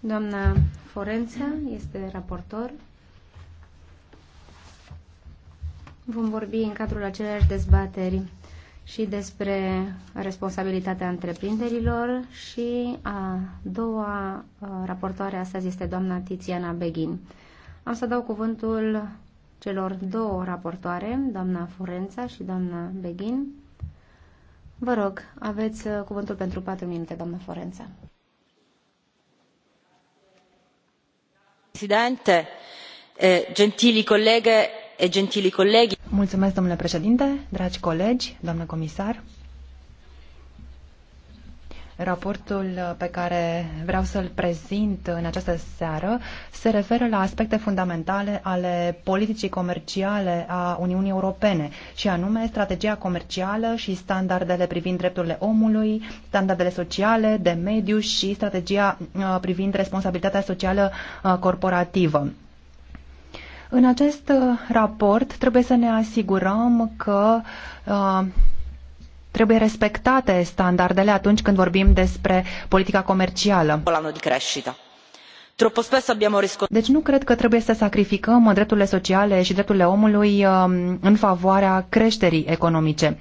Doamna Forența este raportor. Vom vorbi în cadrul aceleași dezbateri și despre responsabilitatea întreprinderilor și a doua raportoare astăzi este doamna Tiziana Beghin. Am să dau cuvântul celor două raportoare, doamna Forența și doamna Beghin. Vă rog, aveți uh, cuvântul pentru patru minute, doamna Forența. Presidente, eh, gentili colleghe e gentili colleghi. Mulțumesc, domnule președinte, dragi colegi, doamnă comisar. Raportul uh, pe care vreau să-l prezint în această seară se referă la aspecte fundamentale ale politicii comerciale a Uniunii Europene și anume strategia comercială și standardele privind drepturile omului, standardele sociale, de mediu și strategia uh, privind responsabilitatea socială uh, corporativă. În acest raport trebuie să ne asigurăm că uh, Trebuie respectate standardele atunci când vorbim despre politica comercială. Deci nu cred că trebuie să sacrificăm drepturile sociale și drepturile omului um, în favoarea creșterii economice.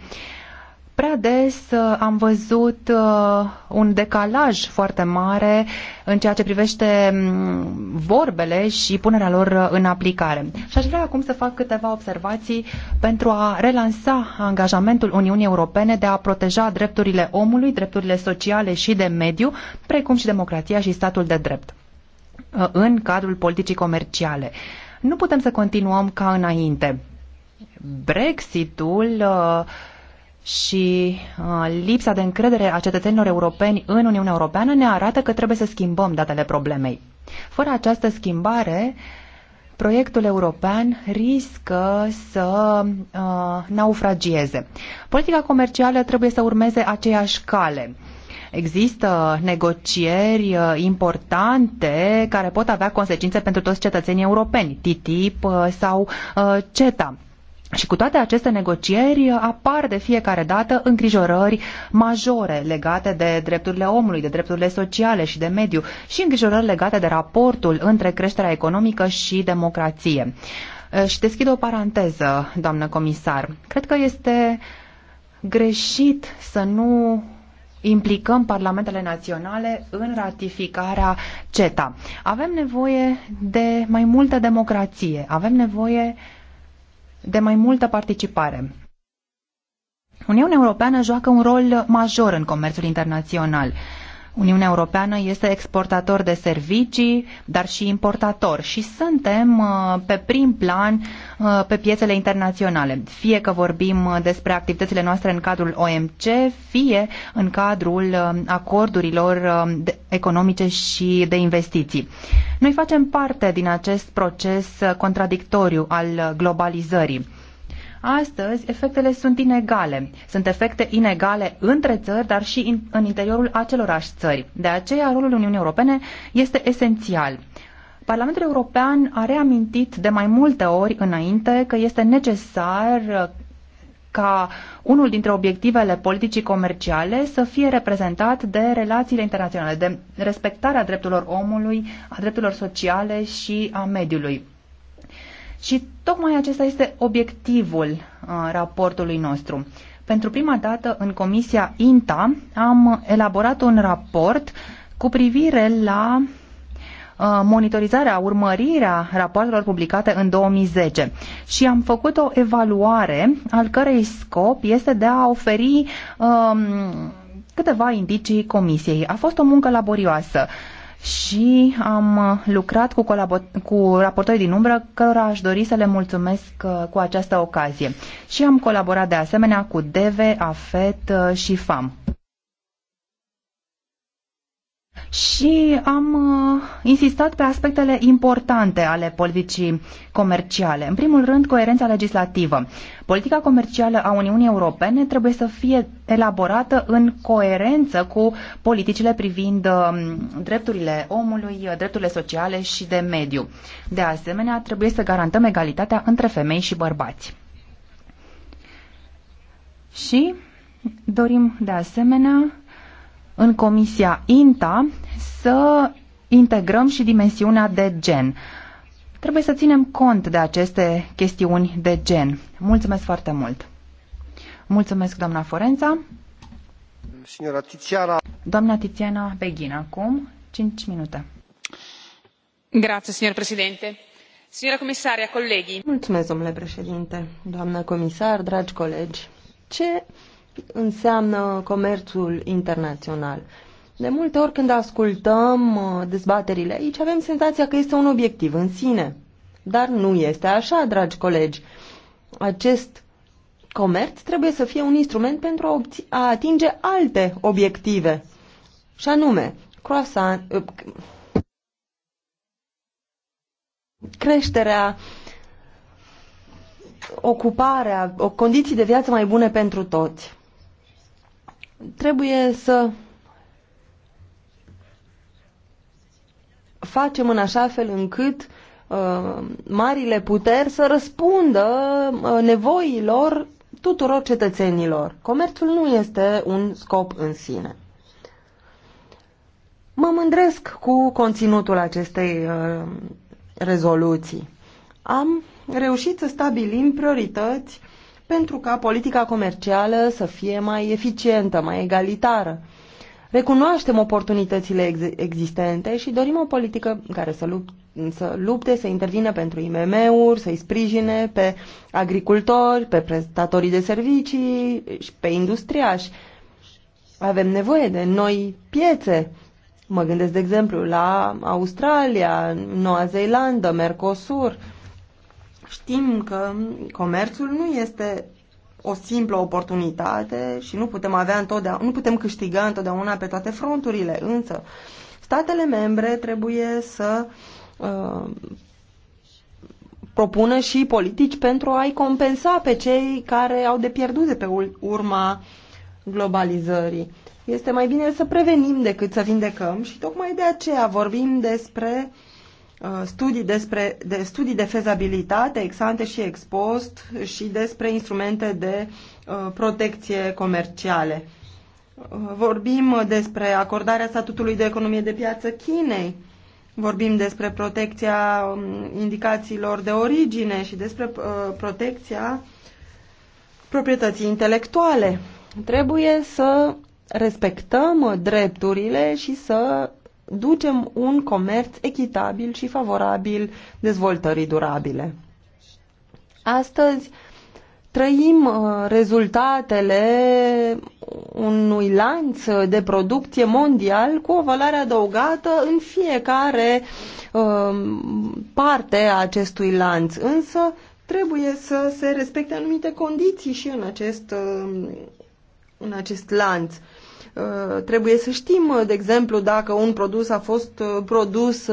Prea des uh, am văzut uh, un decalaj foarte mare în ceea ce privește mm, vorbele și punerea lor uh, în aplicare. Și aș vrea acum să fac câteva observații pentru a relansa angajamentul Uniunii Europene de a proteja drepturile omului, drepturile sociale și de mediu, precum și democrația și statul de drept în cadrul politicii comerciale. Nu putem să continuăm ca înainte. Brexitul uh, și uh, lipsa de încredere a cetățenilor europeni în Uniunea Europeană ne arată că trebuie să schimbăm datele problemei. Fără această schimbare, proiectul european riscă să uh, naufragieze. Politica comercială trebuie să urmeze aceeași cale. Există negocieri uh, importante care pot avea consecințe pentru toți cetățenii europeni, TTIP uh, sau uh, CETA. Și cu toate aceste negocieri uh, apar de fiecare dată îngrijorări majore legate de drepturile omului, de drepturile sociale și de mediu și îngrijorări legate de raportul între creșterea economică și democrație. Uh, și deschid o paranteză, doamnă comisar. Cred că este greșit să nu implicăm parlamentele naționale în ratificarea CETA. Avem nevoie de mai multă democrație, avem nevoie uh, de mai multă participare. Uniunea Europeană joacă un rol major în comerțul internațional Uniunea Europeană este exportator de servicii, dar și importator și suntem uh, pe prim plan uh, pe piețele internaționale, fie că vorbim uh, despre activitățile noastre în cadrul OMC, fie în cadrul acordurilor economice și de investiții. Noi facem parte din acest proces contradictoriu al globalizării Astăzi, efectele sunt inegale. Sunt efecte inegale între țări, dar și in, în interiorul acelorași țări. De aceea, rolul Uniunii Europene este esențial. Parlamentul European a reamintit de mai multe ori înainte că este necesar ca unul dintre obiectivele politicii comerciale să fie reprezentat de relațiile internaționale, de respectarea drepturilor omului, a drepturilor sociale și a mediului. Și tocmai acesta este obiectivul uh, raportului nostru. Pentru prima dată în Comisia INTA am elaborat un raport cu privire la uh, monitorizarea, urmărirea rapoartelor publicate în 2010 și am făcut o evaluare al cărei scop este de a oferi um, câteva indicii comisiei. A fost o muncă laborioasă. Uh, și am uh, lucrat cu, cu raportorii din umbră cărora aș dori să le mulțumesc uh, cu această ocazie. Și am colaborat de asemenea cu DEVE, AFET uh, și FAM. Și am uh, insistat pe aspectele importante ale politicii comerciale. În primul rând, coerența legislativă. Politica comercială a Uniunii Europene trebuie să fie elaborată în coerență cu politicile privind uh, drepturile omului, uh, drepturile sociale și de mediu. De asemenea, trebuie să garantăm egalitatea între femei și bărbați. Și dorim de asemenea în Comisia INTA să integrăm și dimensiunea de gen. Trebuie să ținem cont de aceste chestiuni de gen. Mulțumesc foarte mult! Mulțumesc, doamna Forența! Signora Tiziana. Doamna Tiziana Beghin, acum 5 minute. Grazie, signor Presidente. Signora Comisaria, colleghi. Mulțumesc, domnule președinte, doamnă comisar, dragi colegi. Ce înseamnă comerțul internațional. De multe ori când ascultăm uh, dezbaterile aici, avem senzația că este un obiectiv în sine. Dar nu este așa, dragi colegi. Acest comerț trebuie să fie un instrument pentru a atinge alte obiective, și anume croissant, uh, creșterea, ocuparea, o condiții de viață mai bune pentru toți trebuie să facem în așa fel încât uh, marile puteri să răspundă uh, nevoilor tuturor cetățenilor. Comerțul nu este un scop în sine. Mă mândresc cu conținutul acestei uh, rezoluții. Am reușit să stabilim priorități pentru ca politica comercială să fie mai eficientă, mai egalitară. Recunoaștem oportunitățile ex existente și dorim o politică care să, lup să lupte, să intervină pentru IMM-uri, să-i sprijine pe agricultori, pe prestatorii de servicii și pe industriași. Avem nevoie de noi piețe. Mă gândesc, de exemplu, la Australia, Noua Zeelandă, Mercosur. Știm că comerțul nu este o simplă oportunitate și nu putem avea întotdeauna, nu putem câștiga întotdeauna pe toate fronturile, însă statele membre trebuie să uh, propună și politici pentru a-i compensa pe cei care au de pierdut de pe urma globalizării. Este mai bine să prevenim decât să vindecăm și tocmai de aceea vorbim despre uh, Uh, studii, despre, de studii de fezabilitate, exante și expost și despre instrumente de uh, protecție comerciale. Uh, vorbim despre acordarea statutului de economie de piață Chinei, vorbim despre protecția um, indicațiilor de origine și despre protecția proprietății intelectuale. Trebuie să respectăm drepturile și să ducem un comerț echitabil și favorabil dezvoltării durabile. Astăzi trăim uh, rezultatele unui lanț de producție mondial cu o valoare adăugată în fiecare uh, parte a acestui lanț, însă trebuie să se respecte anumite condiții și în acest, uh, în acest lanț Uh, trebuie să știm, uh, de exemplu, dacă un produs a fost uh, produs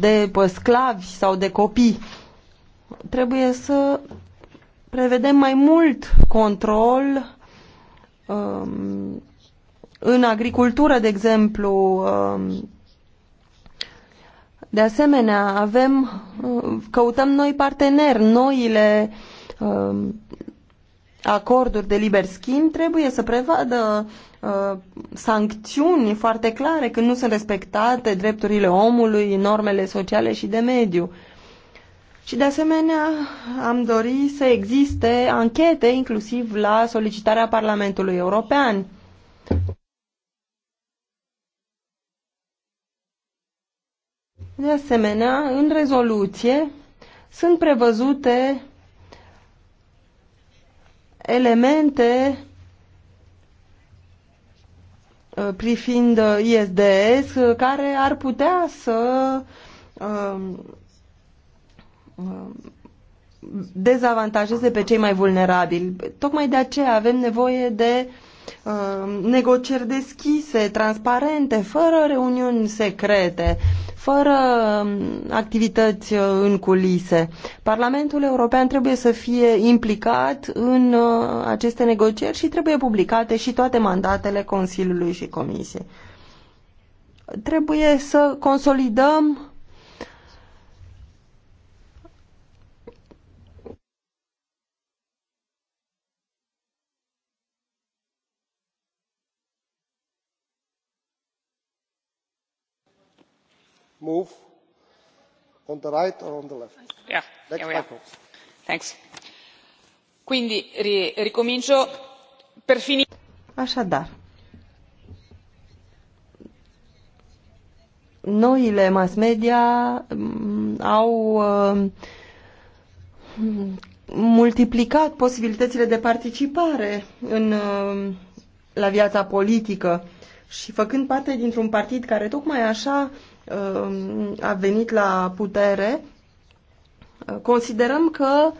de sclavi sau de copii. Trebuie să prevedem mai mult control um, în agricultură, de exemplu. Um, de asemenea, avem, căutăm noi parteneri, noile um, acorduri de liber schimb trebuie să prevadă uh, sancțiuni foarte clare când nu sunt respectate drepturile omului, normele sociale și de mediu. Și de asemenea am dorit să existe anchete inclusiv la solicitarea Parlamentului European. De asemenea, în rezoluție sunt prevăzute elemente uh, privind uh, ISDS uh, care ar putea să um, um, dezavantajeze pe cei mai vulnerabili. Tocmai de aceea avem nevoie de negocieri deschise, transparente, fără reuniuni secrete fără um, activități uh, în culise. Parlamentul European trebuie să fie implicat în uh, aceste negocieri și trebuie publicate și toate mandatele Consiliului și Comisiei. Trebuie să consolidăm move on the right or on the left. Yeah, Thanks. Quindi Așadar, noile mass media mm, au uh, multiplicat posibilitățile de participare în, uh, la viața politică și făcând parte dintr-un partid care tocmai așa Um, a venit la putere, uh, considerăm că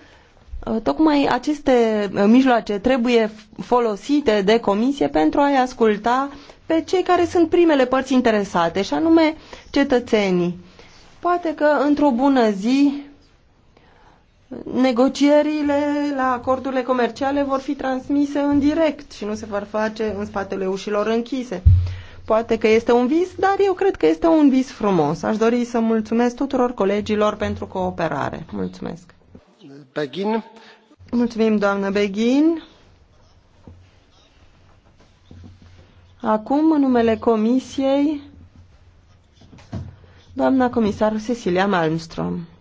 uh, tocmai aceste uh, mijloace trebuie folosite de comisie pentru a-i asculta pe cei care sunt primele părți interesate, și anume cetățenii. Poate că într-o bună zi negocierile la acordurile comerciale vor fi transmise în direct și nu se vor face în spatele ușilor închise. Poate că este un vis, dar eu cred că este un vis frumos. Aș dori să mulțumesc tuturor colegilor pentru cooperare. Mulțumesc. Begin. Mulțumim, doamnă Beghin. Acum, în numele Comisiei, doamna comisar Cecilia Malmström.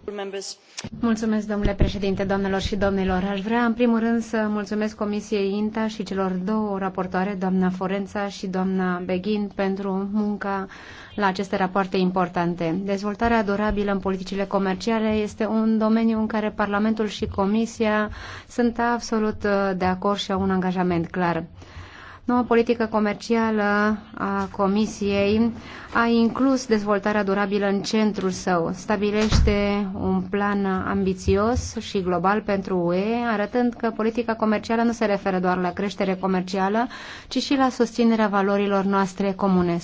Mulțumesc, domnule președinte, și domnilor. Aș vrea, în primul rând, să mulțumesc Comisiei INTA și celor două raportoare, doamna Forența și doamna Beghin, pentru munca la aceste rapoarte importante. Dezvoltarea durabilă în politicile comerciale este un domeniu în care Parlamentul și Comisia sunt absolut uh, de acord și au un angajament clar. Noua politică comercială a Comisiei a inclus dezvoltarea durabilă în centrul său, stabilește un plan ambițios și global pentru UE, arătând că politica comercială nu se referă doar la creștere comercială, ci și la susținerea valorilor noastre comune,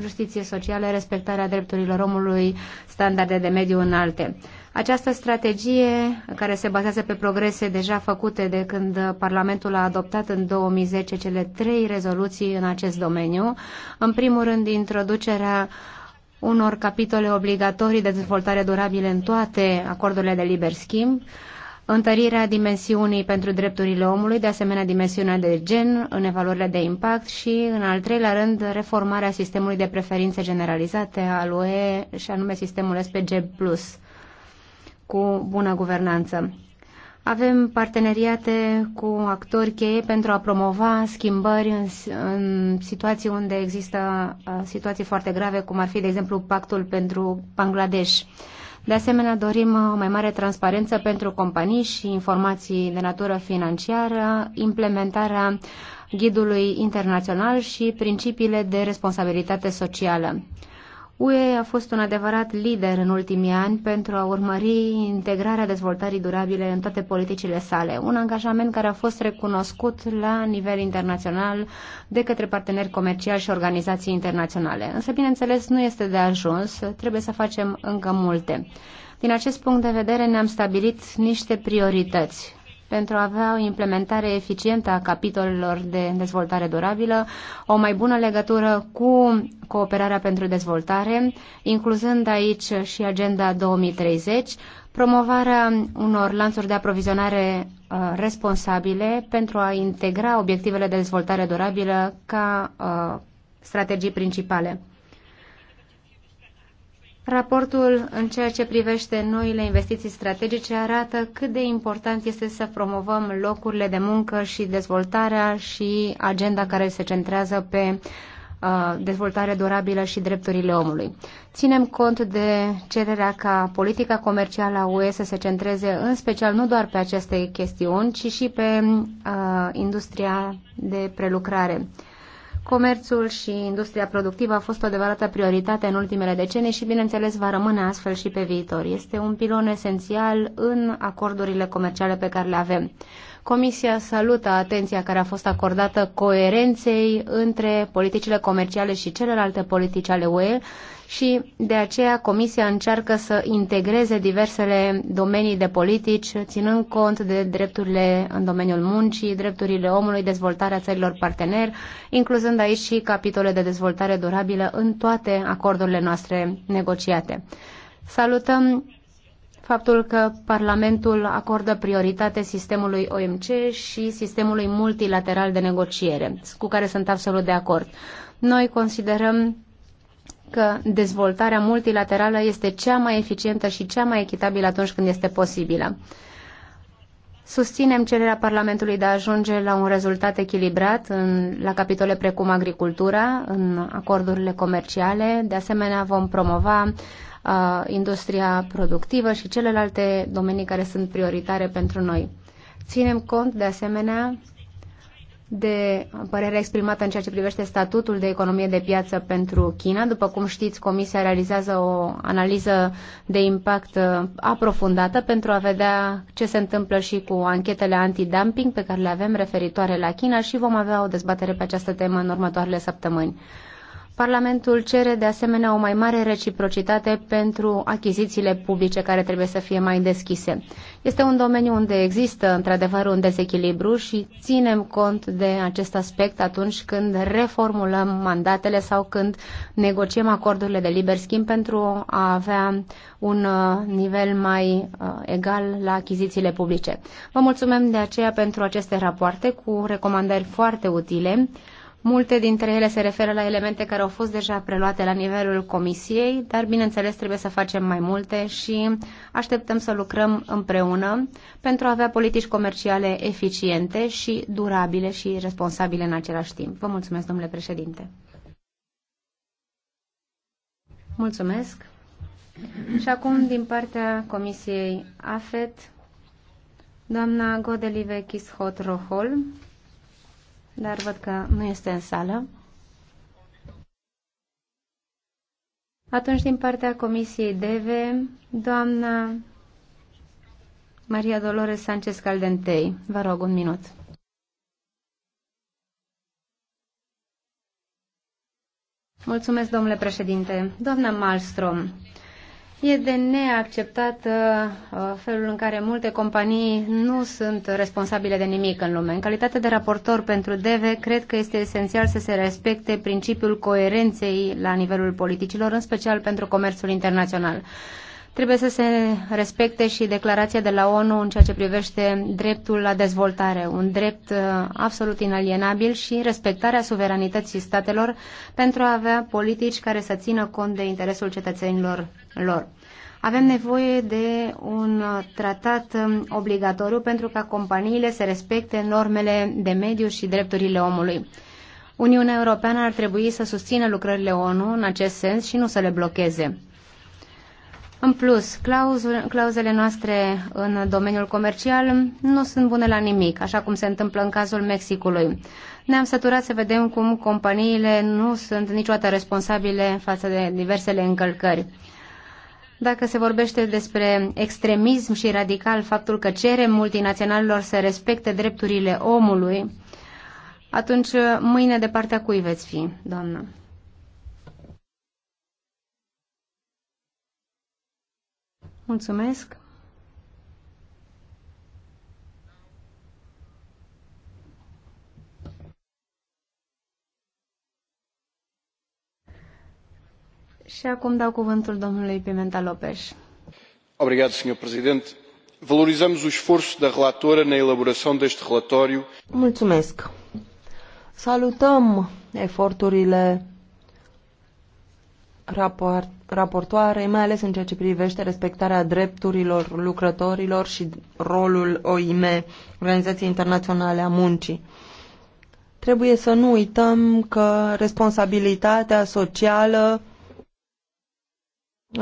justiție socială, respectarea drepturilor omului, standarde de mediu înalte. Această strategie, care se bazează pe progrese deja făcute de când Parlamentul a adoptat în 2010 cele trei rezoluții în acest domeniu, în primul rând introducerea unor capitole obligatorii de dezvoltare durabilă în toate acordurile de liber schimb, întărirea dimensiunii pentru drepturile omului, de asemenea dimensiunea de gen în evaluările de impact și, în al treilea rând, reformarea sistemului de preferințe generalizate al UE și anume sistemul SPG+ cu bună guvernanță. Avem parteneriate cu actori cheie pentru a promova schimbări în, în situații unde există uh, situații foarte grave, cum ar fi, de exemplu, pactul pentru Bangladesh. De asemenea, dorim uh, o mai mare transparență pentru companii și informații de natură financiară, implementarea ghidului internațional și principiile de responsabilitate socială. UE a fost un adevărat lider în ultimii ani pentru a urmări integrarea dezvoltării durabile în toate politicile sale, un angajament care a fost recunoscut la nivel internațional de către parteneri comerciali și organizații internaționale. Însă, bineînțeles, nu este de ajuns, trebuie să facem încă multe. Din acest punct de vedere ne-am stabilit niște priorități pentru a avea o implementare eficientă a capitolelor de dezvoltare durabilă, o mai bună legătură cu cooperarea pentru dezvoltare, incluzând aici și Agenda 2030, promovarea unor lanțuri de aprovizionare uh, responsabile pentru a integra obiectivele de dezvoltare durabilă ca uh, strategii principale. Raportul în ceea ce privește noile investiții strategice arată cât de important este să promovăm locurile de muncă și dezvoltarea și agenda care se centrează pe uh, dezvoltare durabilă și drepturile omului. Ținem cont de cererea ca politica comercială a UE să se centreze în special nu doar pe aceste chestiuni, ci și pe uh, industria de prelucrare. Comerțul și industria productivă a fost o adevărată prioritate în ultimele decenii și, bineînțeles, va rămâne astfel și pe viitor. Este un pilon esențial în acordurile comerciale pe care le avem. Comisia salută atenția care a fost acordată coerenței între politicile comerciale și celelalte politici ale UE și de aceea Comisia încearcă să integreze diversele domenii de politici, ținând cont de drepturile în domeniul muncii, drepturile omului, dezvoltarea țărilor partener, incluzând aici și capitole de dezvoltare durabilă în toate acordurile noastre negociate. Salutăm faptul că Parlamentul acordă prioritate sistemului OMC și sistemului multilateral de negociere, cu care sunt absolut de acord. Noi considerăm că dezvoltarea multilaterală este cea mai eficientă și cea mai echitabilă atunci când este posibilă. Susținem cererea Parlamentului de a ajunge la un rezultat echilibrat în, la capitole precum agricultura, în acordurile comerciale. De asemenea, vom promova industria productivă și celelalte domenii care sunt prioritare pentru noi. Ținem cont, de asemenea, de părerea exprimată în ceea ce privește statutul de economie de piață pentru China. După cum știți, Comisia realizează o analiză de impact aprofundată pentru a vedea ce se întâmplă și cu anchetele antidumping pe care le avem referitoare la China și vom avea o dezbatere pe această temă în următoarele săptămâni. Parlamentul cere de asemenea o mai mare reciprocitate pentru achizițiile publice care trebuie să fie mai deschise. Este un domeniu unde există într-adevăr un dezechilibru și ținem cont de acest aspect atunci când reformulăm mandatele sau când negociem acordurile de liber schimb pentru a avea un uh, nivel mai uh, egal la achizițiile publice. Vă mulțumim de aceea pentru aceste rapoarte cu recomandări foarte utile. Multe dintre ele se referă la elemente care au fost deja preluate la nivelul comisiei, dar bineînțeles trebuie să facem mai multe și așteptăm să lucrăm împreună pentru a avea politici comerciale eficiente și durabile și responsabile în același timp. Vă mulțumesc, domnule președinte. Mulțumesc. Și acum, din partea Comisiei AFET, doamna Godelive Kishot Rohol, dar văd că nu este în sală. Atunci, din partea Comisiei DEVE, doamna Maria Dolores Sanchez Caldentei. Vă rog, un minut. Mulțumesc, domnule președinte. Doamna Malmström, E de neacceptat uh, uh, felul în care multe companii nu sunt responsabile de nimic în lume. În calitate de raportor pentru DV, cred că este esențial să se respecte principiul coerenței la nivelul politicilor, în special pentru comerțul internațional. Trebuie să se respecte și declarația de la ONU în ceea ce privește dreptul la dezvoltare, un drept uh, absolut inalienabil și respectarea suveranității statelor pentru a avea politici care să țină cont de interesul cetățenilor lor. Avem nevoie de un tratat um, obligatoriu pentru ca companiile să respecte normele de mediu și drepturile omului. Uniunea Europeană ar trebui să susțină lucrările ONU în acest sens și nu să le blocheze. În plus, clauzele noastre în domeniul comercial nu sunt bune la nimic, așa cum se întâmplă în cazul Mexicului. Ne-am săturat să vedem cum companiile nu sunt niciodată responsabile față de diversele încălcări. Dacă se vorbește despre extremism și radical, faptul că cere multinaționalilor să respecte drepturile omului, atunci mâine de partea cui veți fi, doamnă? Mulțumesc. Și acum dau cuvântul domnului Pimenta Lopes. Obrigado, senhor presidente. Valorizamos o esforço da relatora na elaboração deste relatório. Mulțumesc. Salutăm eforturile raport, mai ales în ceea ce privește respectarea drepturilor lucrătorilor și rolul OIM, Organizației Internaționale a Muncii. Trebuie să nu uităm că responsabilitatea socială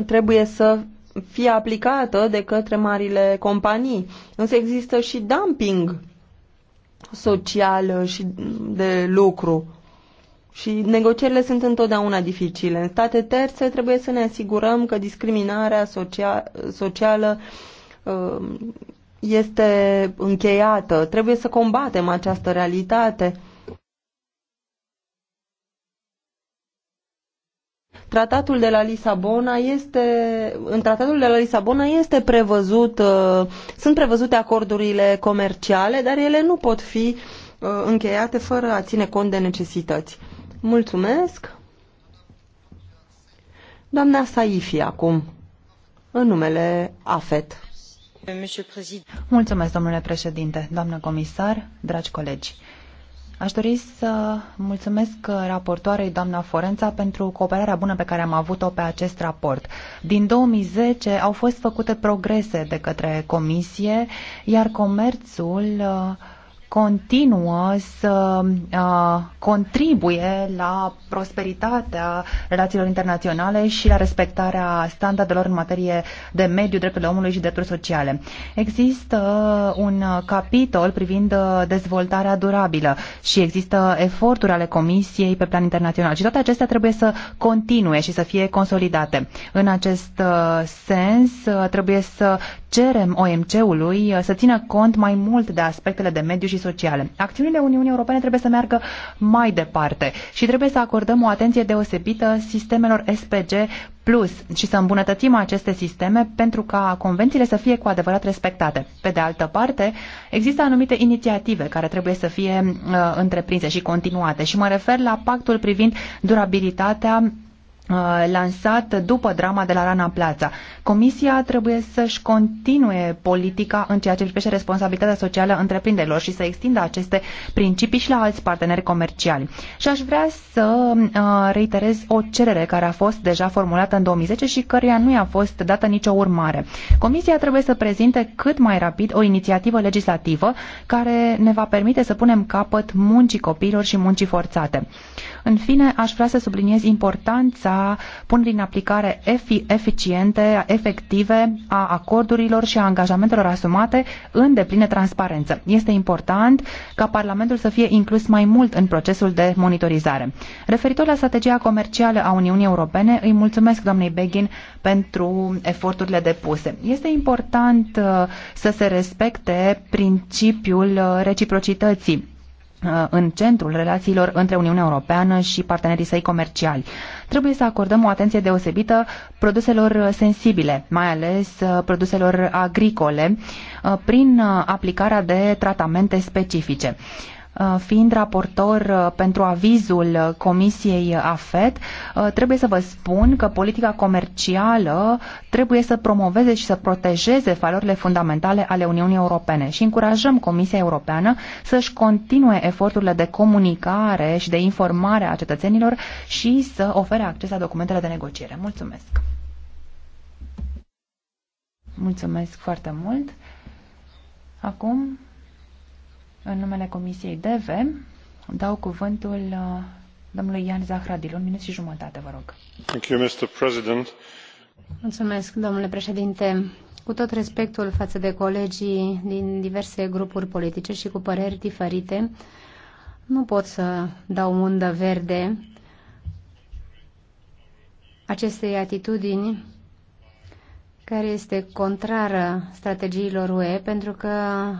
trebuie să fie aplicată de către marile companii. Însă există și dumping social și de lucru și negocierile sunt întotdeauna dificile. În state terțe trebuie să ne asigurăm că discriminarea socia- socială um, este încheiată. Trebuie să combatem această realitate. Tratatul de la Lisabona este în tratatul de la Lisabona este prevăzut uh, sunt prevăzute acordurile comerciale, dar ele nu pot fi uh, încheiate fără a ține cont de necesități. Mulțumesc. Doamna Saifi acum, în numele AFET. Mulțumesc, domnule președinte, doamnă comisar, dragi colegi. Aș dori să mulțumesc raportoarei doamna Forența pentru cooperarea bună pe care am avut-o pe acest raport. Din 2010 au fost făcute progrese de către comisie, iar comerțul uh, continuă să uh, contribuie la prosperitatea relațiilor internaționale și la respectarea standardelor în materie de mediu, drepturile omului și drepturi sociale. Există un capitol privind uh, dezvoltarea durabilă și există eforturi ale Comisiei pe plan internațional și toate acestea trebuie să continue și să fie consolidate. În acest uh, sens, trebuie să cerem OMC-ului să țină cont mai mult de aspectele de mediu și sociale. Acțiunile Uniunii Europene trebuie să meargă mai departe și trebuie să acordăm o atenție deosebită sistemelor SPG Plus și să îmbunătățim aceste sisteme pentru ca convențiile să fie cu adevărat respectate. Pe de altă parte, există anumite inițiative care trebuie să fie uh, întreprinse și continuate și mă refer la pactul privind durabilitatea Uh, lansat după drama de la Rana Plaza. Comisia trebuie să-și continue politica în ceea ce privește responsabilitatea socială întreprinderilor și să extindă aceste principii și la alți parteneri comerciali. Și aș vrea să uh, reiterez o cerere care a fost deja formulată în 2010 și căreia nu i-a fost dată nicio urmare. Comisia trebuie să prezinte cât mai rapid o inițiativă legislativă care ne va permite să punem capăt muncii copiilor și muncii forțate. În fine, aș vrea să subliniez importanța a punerii în aplicare efi- eficiente, efective a acordurilor și a angajamentelor asumate în deplină transparență. Este important ca Parlamentul să fie inclus mai mult în procesul de monitorizare. Referitor la strategia comercială a Uniunii Europene, îi mulțumesc doamnei Begin pentru eforturile depuse. Este important uh, să se respecte principiul uh, reciprocității Uh, în centrul relațiilor între Uniunea Europeană și partenerii săi comerciali. Trebuie să acordăm o atenție deosebită produselor sensibile, mai ales uh, produselor agricole, uh, prin aplicarea de tratamente specifice. Uh, fiind raportor uh, pentru avizul Comisiei AFET, uh, trebuie să vă spun că politica comercială trebuie să promoveze și să protejeze valorile fundamentale ale Uniunii Europene și încurajăm Comisia Europeană să-și continue eforturile de comunicare și de informare a cetățenilor și să ofere acces la documentele de negociere. Mulțumesc! Mulțumesc foarte mult! Acum în numele Comisiei DEVE dau cuvântul uh, domnului Ian Zahradil. Un minut și jumătate, vă rog. Thank you, Mr. President. Mulțumesc, domnule președinte. Cu tot respectul față de colegii din diverse grupuri politice și cu păreri diferite, nu pot să dau undă verde acestei atitudini care este contrară strategiilor UE pentru că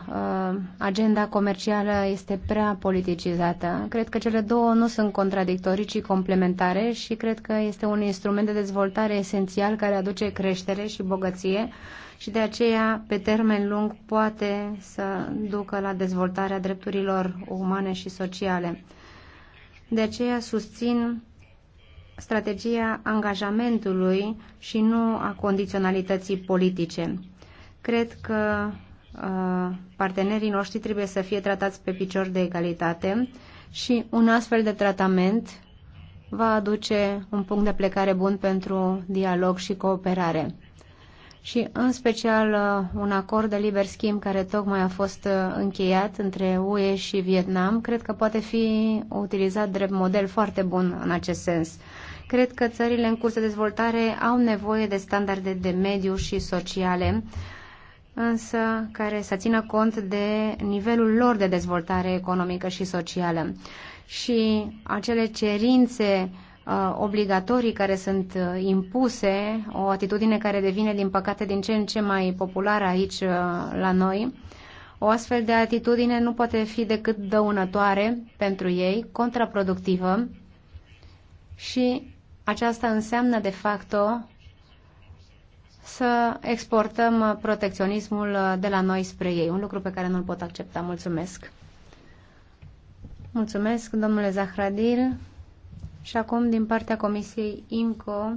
uh, agenda comercială este prea politicizată. Cred că cele două nu sunt contradictorii, ci complementare și cred că este un instrument de dezvoltare esențial care aduce creștere și bogăție și de aceea, pe termen lung, poate să ducă la dezvoltarea drepturilor umane și sociale. De aceea susțin strategia angajamentului și nu a condiționalității politice. Cred că uh, partenerii noștri trebuie să fie tratați pe picior de egalitate și un astfel de tratament va aduce un punct de plecare bun pentru dialog și cooperare. Și în special uh, un acord de liber schimb care tocmai a fost uh, încheiat între UE și Vietnam, cred că poate fi utilizat drept model foarte bun în acest sens. Cred că țările în curs de dezvoltare au nevoie de standarde de mediu și sociale, însă care să țină cont de nivelul lor de dezvoltare economică și socială. Și acele cerințe uh, obligatorii care sunt uh, impuse, o atitudine care devine, din păcate, din ce în ce mai populară aici uh, la noi. O astfel de atitudine nu poate fi decât dăunătoare pentru ei, contraproductivă și aceasta înseamnă, de fapt să exportăm protecționismul de la noi spre ei, un lucru pe care nu-l pot accepta. Mulțumesc! Mulțumesc, domnule Zahradil. Și acum, din partea Comisiei IMCO,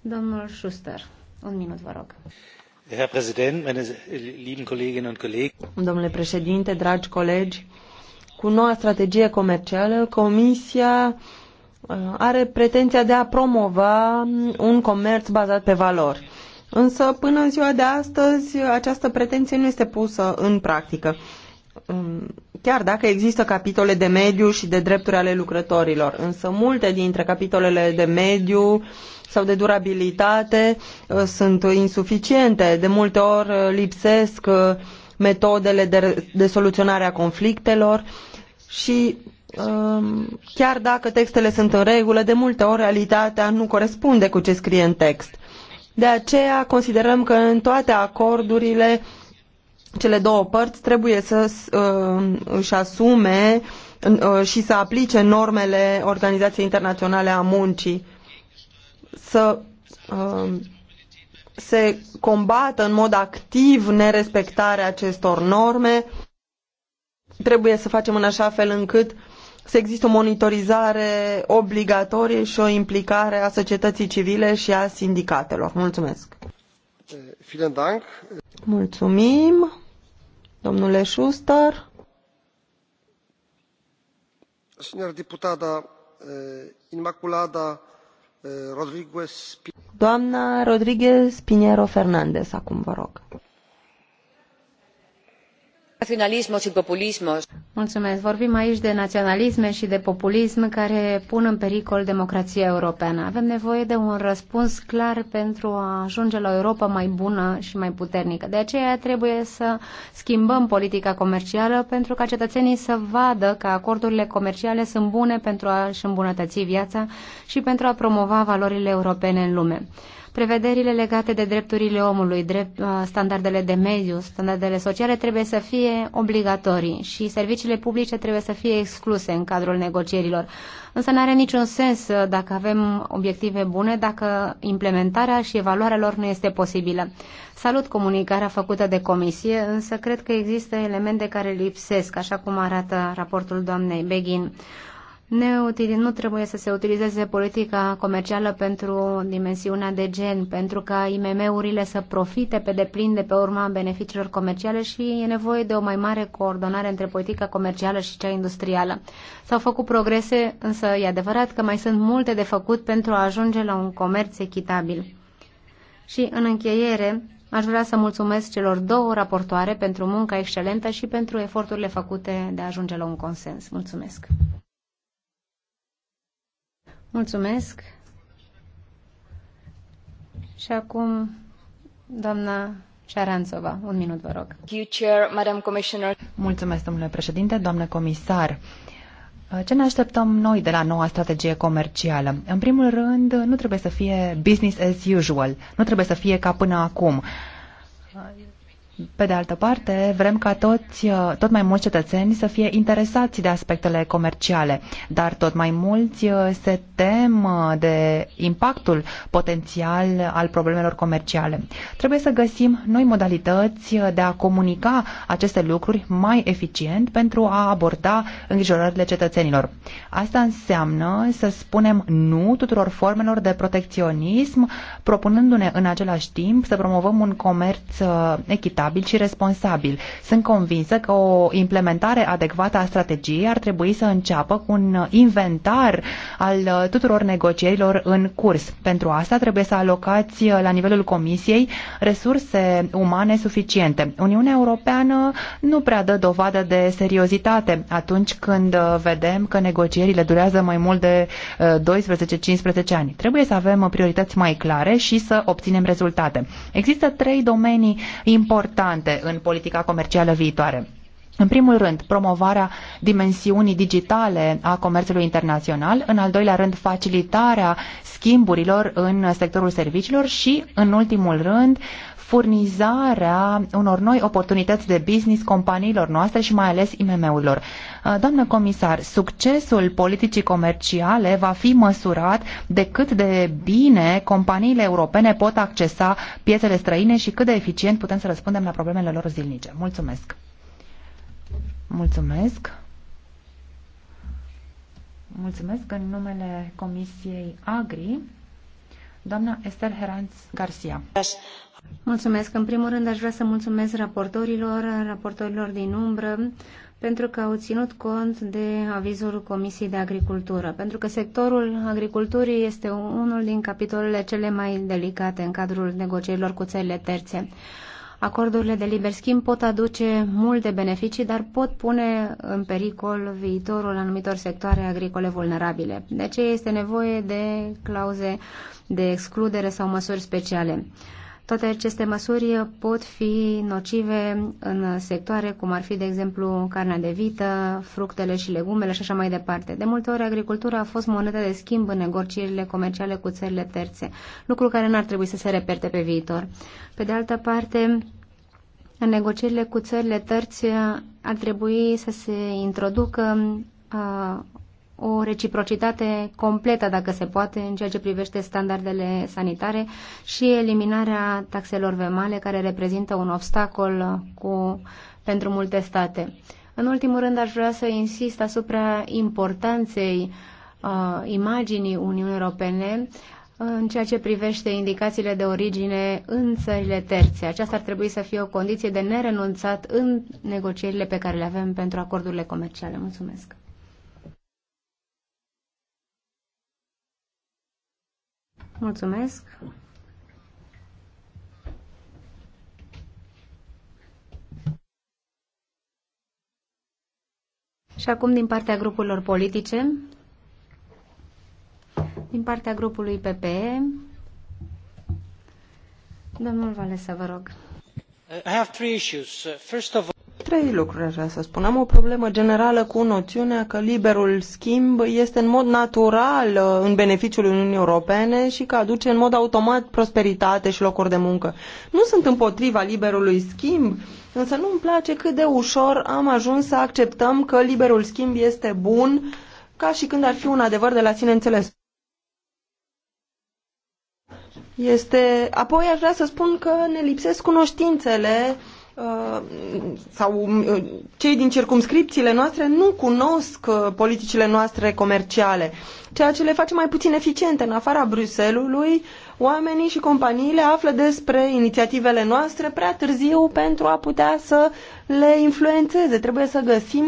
domnul Schuster. Un minut, vă rog. Domnule președinte, dragi colegi, cu noua strategie comercială, Comisia Uh, are pretenția de a promova un comerț bazat pe valori. Însă, până în ziua de astăzi, această pretenție nu este pusă în practică. Um, chiar dacă există capitole de mediu și de drepturi ale lucrătorilor, însă multe dintre capitolele de mediu sau de durabilitate uh, sunt insuficiente. De multe ori uh, lipsesc metodele de, de soluționare a conflictelor și Um, chiar dacă textele sunt în regulă, de multe ori realitatea nu corespunde cu ce scrie în text. De aceea considerăm că în toate acordurile cele două părți trebuie să uh, își asume uh, și să aplice normele Organizației Internaționale a Muncii, să uh, se combată în mod activ nerespectarea acestor norme. Trebuie să facem în așa fel încât uh, să existe o monitorizare obligatorie și o implicare a societății civile și a sindicatelor. Mulțumesc! Mulțumim, domnule Schuster. Señora diputada eh, Inmaculada eh, Rodriguez. Doamna Rodriguez Pinheiro Fernandez, acum vă rog și Vorbim aici de naționalisme și de populism care pun în pericol democrația europeană. Avem nevoie de un răspuns clar pentru a ajunge la o Europa mai bună și mai puternică. De aceea trebuie să schimbăm politica comercială pentru ca cetățenii să vadă că acordurile comerciale sunt bune pentru a-și îmbunătăți viața și pentru a promova valorile europene în lume. Prevederile legate de drepturile omului, drept, uh, standardele de mediu, standardele sociale trebuie să fie obligatorii și serviciile publice trebuie să fie excluse în cadrul negocierilor. Însă nu are niciun sens uh, dacă avem obiective bune, dacă implementarea și evaluarea lor nu este posibilă. Salut comunicarea făcută de comisie, însă cred că există elemente care lipsesc, așa cum arată raportul doamnei Beghin ne, nu trebuie să se utilizeze politica comercială pentru dimensiunea de gen, pentru ca IMM-urile să profite pe deplin de pe urma beneficiilor comerciale și e nevoie de o mai mare coordonare între politica comercială și cea industrială. S-au făcut progrese, însă e adevărat că mai sunt multe de făcut pentru a ajunge la un comerț echitabil. Și în încheiere, aș vrea să mulțumesc celor două raportoare pentru munca excelentă și pentru eforturile făcute de a ajunge la un consens. Mulțumesc! Mulțumesc. Și acum, doamna Șaranțova, un minut, vă rog. Mulțumesc, domnule președinte, doamnă comisar. Ce ne așteptăm noi de la noua strategie comercială? În primul rând, nu trebuie să fie business as usual, nu trebuie să fie ca până acum. Pe de altă parte, vrem ca toți, uh, tot mai mulți cetățeni să fie interesați de aspectele comerciale, dar tot mai mulți uh, se tem uh, de impactul potențial al problemelor comerciale. Trebuie să găsim noi modalități de a comunica aceste lucruri mai eficient pentru a aborda îngrijorările cetățenilor. Asta înseamnă să spunem nu tuturor formelor de protecționism, propunându-ne în același timp să promovăm un comerț echitabil echitabil și responsabil. Sunt convinsă că o implementare adecvată a strategiei ar trebui să înceapă cu un inventar al uh, tuturor negocierilor în curs. Pentru asta trebuie să alocați uh, la nivelul Comisiei resurse umane suficiente. Uniunea Europeană nu prea dă dovadă de seriozitate atunci când uh, vedem că negocierile durează mai mult de 12-15 ani. Trebuie să avem priorități mai clare și să obținem rezultate. Există trei domenii importante importante în politica comercială viitoare. În primul rând, promovarea dimensiunii digitale a comerțului internațional, în al doilea rând, facilitarea schimburilor în sectorul serviciilor și, în ultimul rând, furnizarea unor noi oportunități de business companiilor noastre și mai ales IMM-urilor. Uh, doamnă comisar, succesul politicii comerciale va fi măsurat de cât de bine companiile europene pot accesa piețele străine și cât de eficient putem să răspundem la problemele lor zilnice. Mulțumesc! Mulțumesc! Mulțumesc în numele Comisiei Agri, doamna Esther Heranz Garcia. Mulțumesc. În primul rând aș vrea să mulțumesc raportorilor, raportorilor din umbră, pentru că au ținut cont de avizul Comisiei de Agricultură, pentru că sectorul agriculturii este unul din capitolele cele mai delicate în cadrul negocierilor cu țările terțe. Acordurile de liber schimb pot aduce multe beneficii, dar pot pune în pericol viitorul anumitor sectoare agricole vulnerabile. De aceea este nevoie de clauze de excludere sau măsuri speciale. Toate aceste măsuri pot fi nocive în sectoare cum ar fi, de exemplu, carnea de vită, fructele și legumele și așa mai departe. De multe ori, agricultura a fost monedă de schimb în negocierile comerciale cu țările terțe, lucru care n-ar trebui să se reperte pe viitor. Pe de altă parte, în negocierile cu țările terțe ar trebui să se introducă uh, o reciprocitate completă, dacă se poate, în ceea ce privește standardele sanitare și eliminarea taxelor vemale, care reprezintă un obstacol uh, cu, pentru multe state. În ultimul rând, aș vrea să insist asupra importanței uh, imaginii Uniunii Europene uh, în ceea ce privește indicațiile de origine în țările terțe. Aceasta ar trebui să fie o condiție de nerenunțat în negocierile pe care le avem pentru acordurile comerciale. Mulțumesc! Mulțumesc. Și acum din partea grupurilor politice, din partea grupului PPE, domnul Valesa, vă rog. I have three issues. First of all trei lucruri aș vrea să spun. Am o problemă generală cu noțiunea că liberul schimb este în mod natural uh, în beneficiul Uniunii Europene și că aduce în mod automat prosperitate și locuri de muncă. Nu sunt împotriva liberului schimb, însă nu îmi place cât de ușor am ajuns să acceptăm că liberul schimb este bun ca și când ar fi un adevăr de la sine înțeles. Este... Apoi aș vrea să spun că ne lipsesc cunoștințele uh, Uh, sau uh, cei din circumscripțiile noastre nu cunosc uh, politicile noastre comerciale, ceea ce le face mai puțin eficiente. În afara Bruselului, oamenii și companiile află despre inițiativele noastre prea târziu pentru a putea să le influențeze. Trebuie să găsim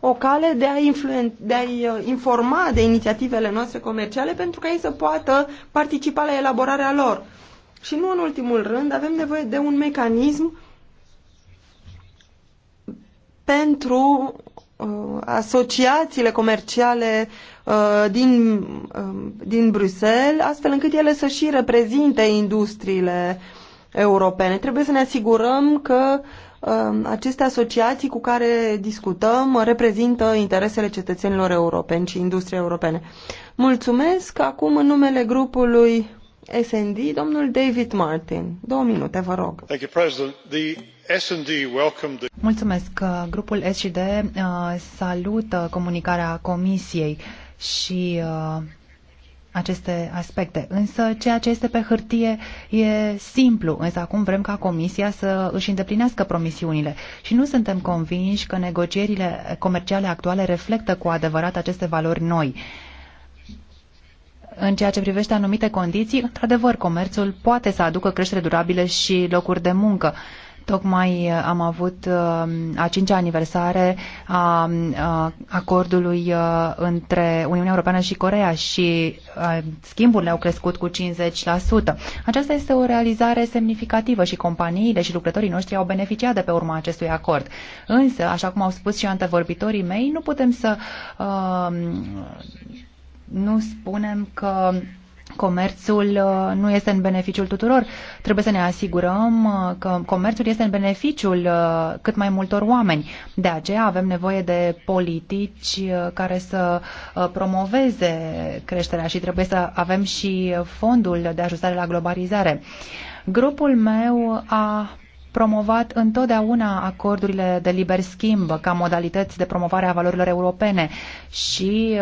o cale de a, influen- de a informa de inițiativele noastre comerciale pentru ca ei să poată participa la elaborarea lor. Și nu în ultimul rând, avem nevoie de un mecanism pentru uh, asociațiile comerciale uh, din, uh, din Bruxelles, astfel încât ele să și reprezinte industriile europene. Trebuie să ne asigurăm că um, aceste asociații cu care discutăm reprezintă interesele cetățenilor europeni și industriei europene. Mulțumesc. Acum, în numele grupului SND, domnul David Martin. Două minute, vă rog. Thank you, President. The Mulțumesc. Grupul SD uh, salută comunicarea Comisiei și uh, aceste aspecte. Însă ceea ce este pe hârtie e simplu, însă acum vrem ca Comisia să își îndeplinească promisiunile și nu suntem convinși că negocierile comerciale actuale reflectă cu adevărat aceste valori noi. În ceea ce privește anumite condiții, într-adevăr, comerțul poate să aducă creștere durabilă și locuri de muncă Tocmai uh, am avut uh, a cincea aniversare a uh, acordului între Uniunea Europeană și Corea și schimburile au crescut cu 50%. Aceasta este o realizare semnificativă și companiile și lucrătorii noștri au beneficiat de pe urma acestui acord. Însă, așa cum au spus și antevorbitorii mei, nu putem să uh, nu spunem că comerțul uh, nu este în beneficiul tuturor. Trebuie să ne asigurăm uh, că comerțul este în beneficiul uh, cât mai multor oameni. De aceea avem nevoie de politici care să promoveze creșterea și trebuie să avem și fondul de ajustare la globalizare. Grupul meu a promovat întotdeauna acordurile de liber schimb ca modalități de promovare a valorilor europene și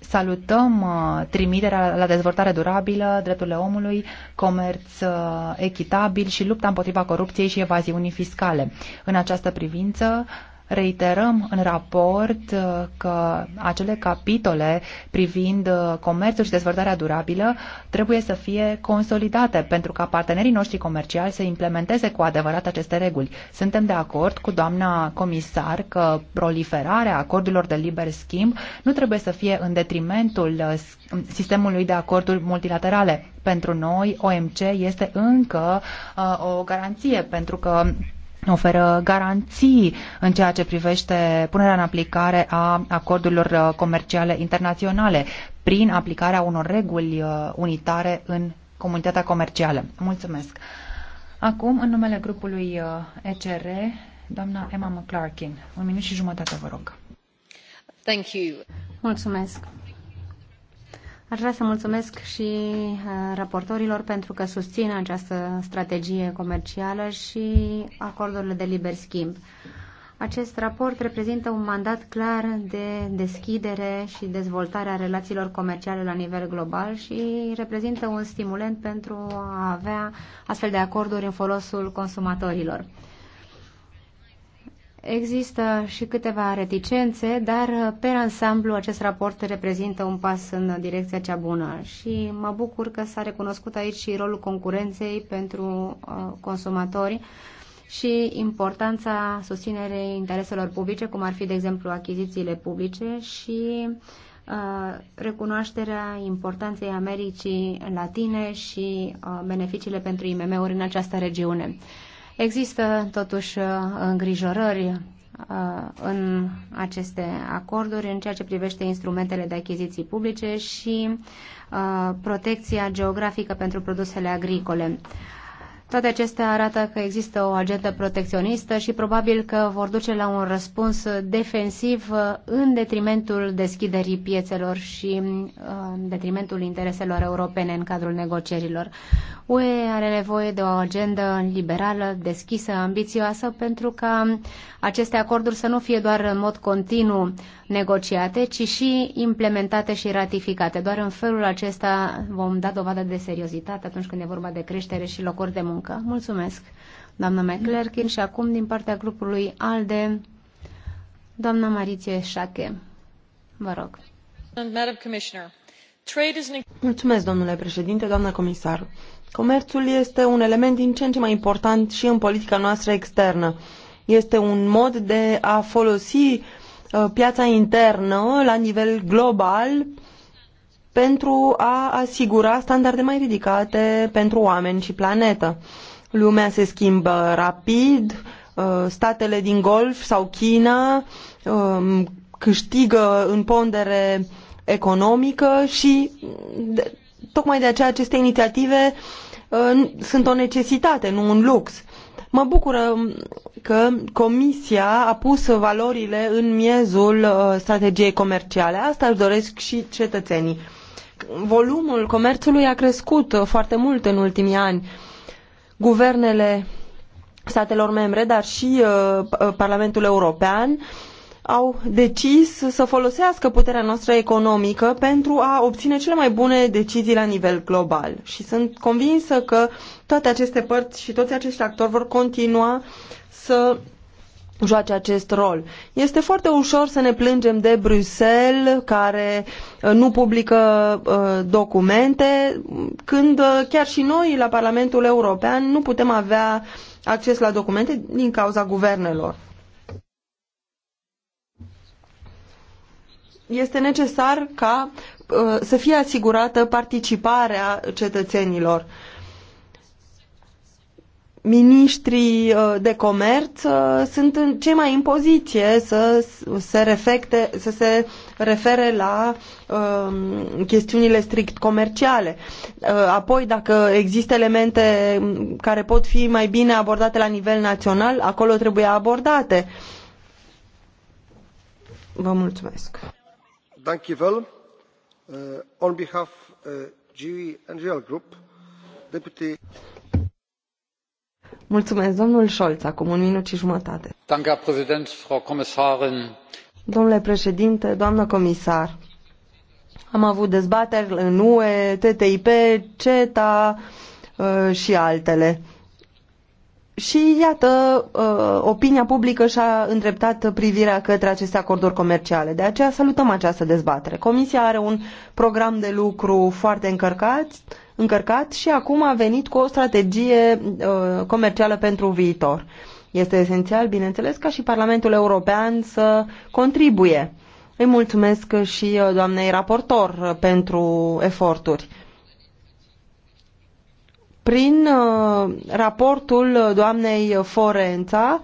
Salutăm uh, trimiterea la dezvoltare durabilă, drepturile omului, comerț uh, echitabil și lupta împotriva corupției și evaziunii fiscale. În această privință, Reiterăm în raport uh, că acele capitole privind uh, comerțul și dezvoltarea durabilă trebuie să fie consolidate pentru ca partenerii noștri comerciali să implementeze cu adevărat aceste reguli. Suntem de acord cu doamna comisar că proliferarea acordurilor de liber schimb nu trebuie să fie în detrimentul uh, sistemului de acorduri multilaterale. Pentru noi, OMC este încă uh, o garanție pentru că oferă garanții în ceea ce privește punerea în aplicare a acordurilor uh, comerciale internaționale prin aplicarea unor reguli uh, unitare în comunitatea comercială. Mulțumesc. Acum, în numele grupului uh, ECR, doamna Emma McClarkin. Un minut și jumătate, vă rog. Thank you. Mulțumesc. Aș vrea să mulțumesc și uh, raportorilor pentru că susțin această strategie comercială și acordurile de liber schimb. Acest raport reprezintă un mandat clar de deschidere și dezvoltare a relațiilor comerciale la nivel global și reprezintă un stimulent pentru a avea astfel de acorduri în folosul consumatorilor. Există și câteva reticențe, dar pe ansamblu acest raport reprezintă un pas în direcția cea bună și mă bucur că s-a recunoscut aici și rolul concurenței pentru uh, consumatori și importanța susținerei intereselor publice, cum ar fi, de exemplu, achizițiile publice și uh, recunoașterea importanței Americii Latine și uh, beneficiile pentru IMM-uri în această regiune. Există totuși uh, îngrijorări uh, în aceste acorduri în ceea ce privește instrumentele de achiziții publice și uh, protecția geografică pentru produsele agricole. Toate acestea arată că există o agendă protecționistă și probabil că vor duce la un răspuns defensiv în detrimentul deschiderii piețelor și uh, în detrimentul intereselor europene în cadrul negocierilor. UE are nevoie de o agendă liberală, deschisă, ambițioasă, pentru ca aceste acorduri să nu fie doar în mod continuu negociate, ci și implementate și ratificate. Doar în felul acesta vom da dovadă de seriozitate atunci când e vorba de creștere și locuri de muncă muncă. Mulțumesc, doamna McClerkin, și acum din partea grupului ALDE, doamna Mariție Șache. Vă rog. Mulțumesc, domnule președinte, doamna comisar. Comerțul este un element din ce în ce mai important și în politica noastră externă. Este un mod de a folosi uh, piața internă la nivel global pentru a asigura standarde mai ridicate pentru oameni și planetă. Lumea se schimbă rapid, uh, statele din Golf sau China um, câștigă în pondere economică și mm, tocmai de aceea aceste inițiative uh, sunt o necesitate, nu un lux. Mă bucură mm, că Comisia a pus valorile în miezul uh, strategiei comerciale. Asta își doresc și cetățenii volumul comerțului a crescut foarte mult în ultimii ani. Guvernele statelor membre, dar și uh, uh, Parlamentul European au decis să folosească puterea noastră economică pentru a obține cele mai bune decizii la nivel global. Și sunt convinsă că toate aceste părți și toți acești actori vor continua să joace acest rol. Este foarte ușor să ne plângem de Bruxelles care uh, nu publică uh, documente, când uh, chiar și noi la Parlamentul European nu putem avea acces la documente din cauza guvernelor. Este necesar ca uh, să fie asigurată participarea cetățenilor miniștrii uh, de comerț uh, sunt în cei mai în poziție să se, refecte, să se refere la um, chestiunile strict comerciale. Uh, apoi, dacă există elemente um, care pot fi mai bine abordate la nivel național, acolo trebuie abordate. Vă mulțumesc. Thank you well. uh, on behalf uh, GE Group, deputy Mulțumesc, domnul Scholz, acum un minut și jumătate. Domnule președinte, doamnă comisar, am avut dezbateri în UE, TTIP, CETA uh, și altele. Și iată, uh, opinia publică și-a îndreptat privirea către aceste acorduri comerciale. De aceea salutăm această dezbatere. Comisia are un program de lucru foarte încărcat încărcat și acum a venit cu o strategie uh, comercială pentru viitor. Este esențial, bineînțeles, ca și Parlamentul European să contribuie. Îi mulțumesc și uh, doamnei raportor uh, pentru eforturi. Prin uh, raportul uh, doamnei Forența,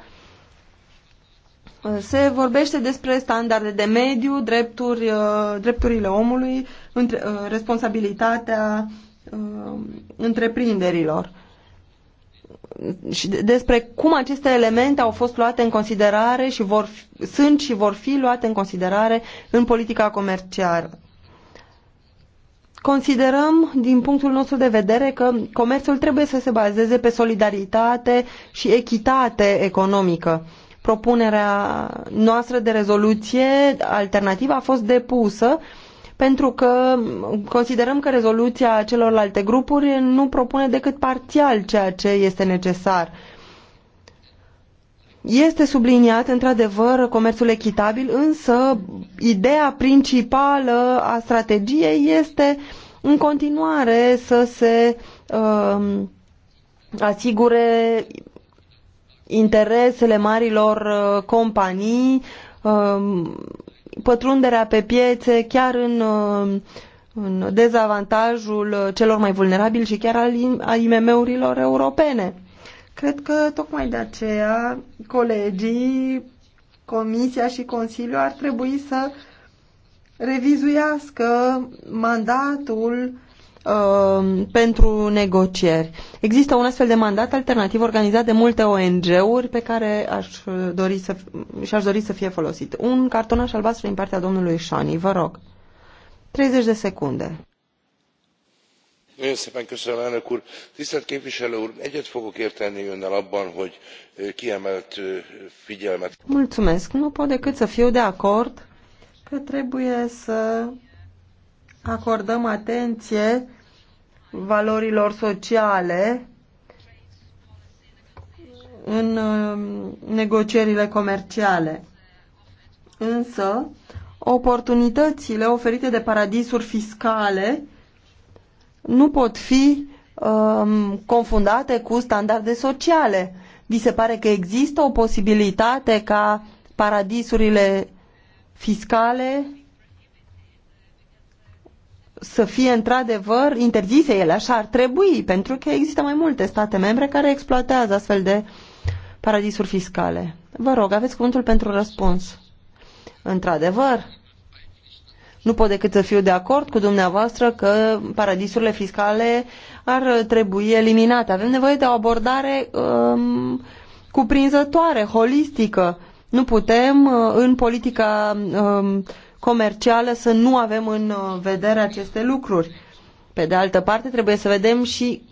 se vorbește despre standarde de mediu, drepturi, drepturile omului, responsabilitatea uh, întreprinderilor și despre cum aceste elemente au fost luate în considerare și vor, sunt și vor fi luate în considerare în politica comercială. Considerăm, din punctul nostru de vedere, că comerțul trebuie să se bazeze pe solidaritate și echitate economică. Propunerea noastră de rezoluție alternativă a fost depusă uh, pentru că considerăm că rezoluția celorlalte grupuri nu propune decât parțial ceea ce este necesar. Este subliniat, într-adevăr, comerțul echitabil, însă ideea principală a strategiei este în continuare să se uh, asigure interesele marilor uh, companii uh, pătrunderea pe piețe chiar în, uh, în dezavantajul celor mai vulnerabili și chiar al IMM-urilor europene. Cred că tocmai de aceea colegii, Comisia și Consiliul ar trebui să revizuiască mandatul Um, pentru negocieri. Există un astfel de mandat alternativ organizat de multe ONG-uri pe care aș dori să, și-aș dori să fie folosit. Un cartonaș albastru din partea domnului Șani, vă rog. 30 de secunde. Nagyon szépen köszönöm, elnök úr. Tisztelt képviselő úr, egyet fogok érteni önnel abban, hogy kiemelt figyelmet. Mulțumesc. Nu pot decât să fiu de acord că trebuie să acordăm atenție valorilor sociale în uh, negocierile comerciale. Însă, oportunitățile oferite de paradisuri fiscale nu pot fi um, confundate cu standarde sociale. Vi se pare că există o posibilitate ca paradisurile fiscale să fie într-adevăr interzise ele, așa ar trebui, pentru că există mai multe state membre care exploatează astfel de paradisuri fiscale. Vă rog, aveți cuvântul pentru răspuns. Într-adevăr, nu pot decât să fiu de acord cu dumneavoastră că paradisurile fiscale ar trebui eliminate. Avem nevoie de o abordare um, cuprinzătoare, holistică. Nu putem, uh, în politica um, comercială să nu avem în uh, vedere aceste lucruri. Pe de altă parte, trebuie să vedem și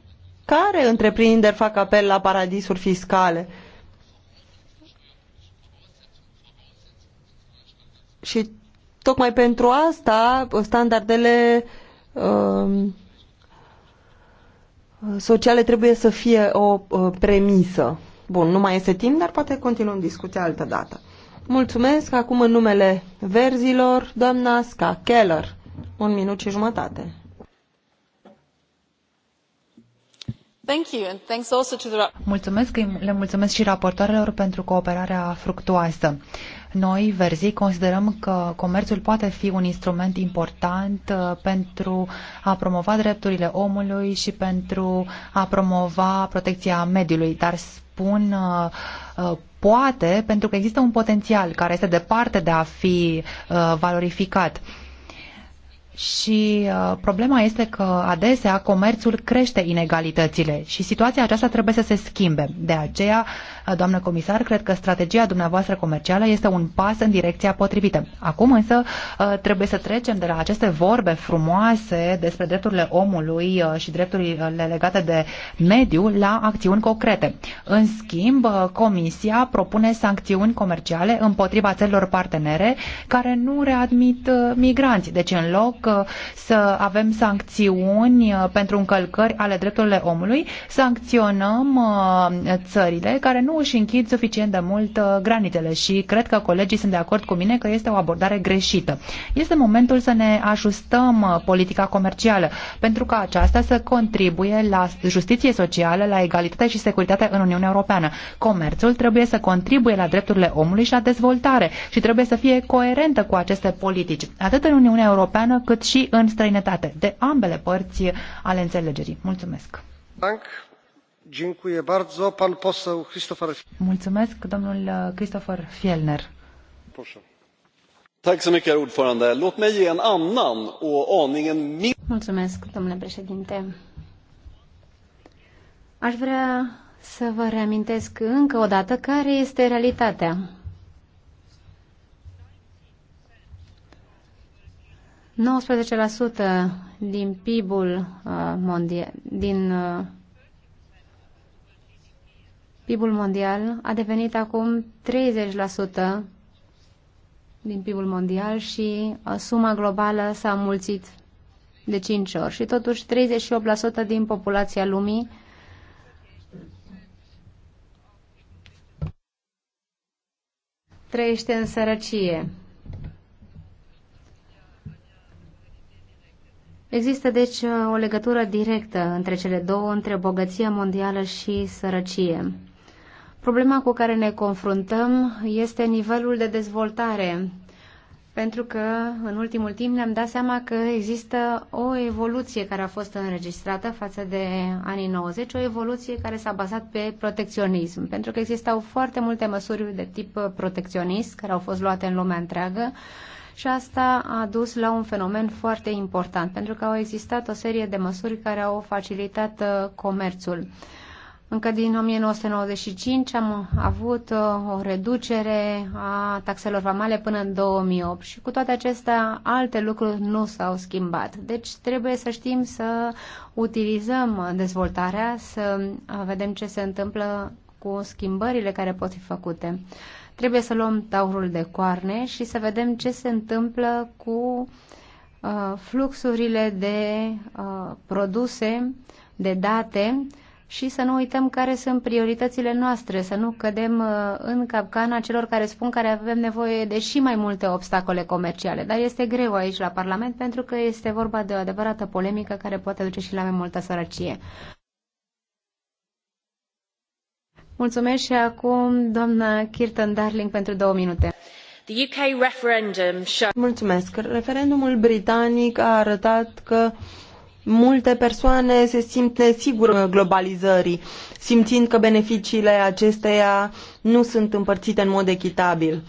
care întreprinderi fac apel la paradisuri fiscale. Și tocmai pentru asta standardele uh, sociale trebuie să fie o uh, premisă. Bun, nu mai este timp, dar poate continuăm discuția altă dată. Mulțumesc acum în numele verzilor, doamna Ska Keller. Un minut și jumătate. Mulțumesc, le mulțumesc și raportoarelor pentru cooperarea fructuoasă. Noi, Verzi, considerăm că comerțul poate fi un instrument important uh, pentru a promova drepturile omului și pentru a promova protecția mediului, dar spun uh, uh, poate pentru că există un potențial care este departe de a fi uh, valorificat. Și uh, problema este că adesea comerțul crește inegalitățile și situația aceasta trebuie să se schimbe. De aceea Eh, doamnă comisar, cred că strategia dumneavoastră comercială este un pas în direcția potrivită. Acum însă eh, trebuie să trecem de la aceste vorbe frumoase despre drepturile omului eh, și drepturile legate de mediu la acțiuni concrete. În schimb, Comisia propune sancțiuni comerciale împotriva țărilor partenere care nu readmit migranți. Deci, în loc să avem sancțiuni pentru încălcări ale drepturilor omului, sancționăm țările care nu nu își închid suficient de mult uh, granitele și cred că colegii sunt de acord cu mine că este o abordare greșită. Este momentul să ne ajustăm uh, politica comercială pentru ca aceasta să contribuie la justiție socială, la egalitate și securitate în Uniunea Europeană. Comerțul trebuie să contribuie la drepturile omului și la dezvoltare și trebuie să fie coerentă cu aceste politici, atât în Uniunea Europeană cât și în străinătate, de ambele părți ale înțelegerii. Mulțumesc! you. Mulțumesc, domnul uh, Christopher Fjellner. Mulțumesc, domnule președinte. Aș vrea să vă reamintesc încă o dată care este realitatea. 19% din PIB-ul uh, mondial, din uh, PIB-ul mondial a devenit acum 30% din PIB-ul mondial și uh, suma globală s-a mulțit de 5 ori și totuși 38% din populația lumii trăiește în sărăcie. Există deci uh, o legătură directă între cele două, între bogăția mondială și sărăcie. Problema cu care ne confruntăm este nivelul de dezvoltare, pentru că în ultimul timp ne-am dat seama că există o evoluție care a fost înregistrată față de anii 90, o evoluție care s-a bazat pe protecționism, pentru că existau foarte multe măsuri de tip protecționist care au fost luate în lumea întreagă, și asta a dus la un fenomen foarte important, pentru că au existat o serie de măsuri care au facilitat uh, comerțul. Încă din 1995 am avut uh, o reducere a taxelor vamale până în 2008 și cu toate acestea alte lucruri nu s-au schimbat. Deci trebuie să știm să utilizăm dezvoltarea, să uh, vedem ce se întâmplă cu schimbările care pot fi făcute. Trebuie să luăm taurul de coarne și să vedem ce se întâmplă cu uh, fluxurile de produse, de date și să nu uităm care sunt prioritățile noastre, să nu cădem uh, în capcana celor care spun că avem nevoie de și mai multe obstacole comerciale. Dar este greu aici la Parlament pentru că este vorba de o adevărată polemică care poate duce și la mai multă sărăcie. Mulțumesc și acum doamna Kirtan Darling pentru două minute. The UK referendum show... Mulțumesc. Referendumul britanic a arătat că uh, Multe persoane se simt nesigură globalizării, simțind că beneficiile acesteia nu sunt împărțite în mod echitabil.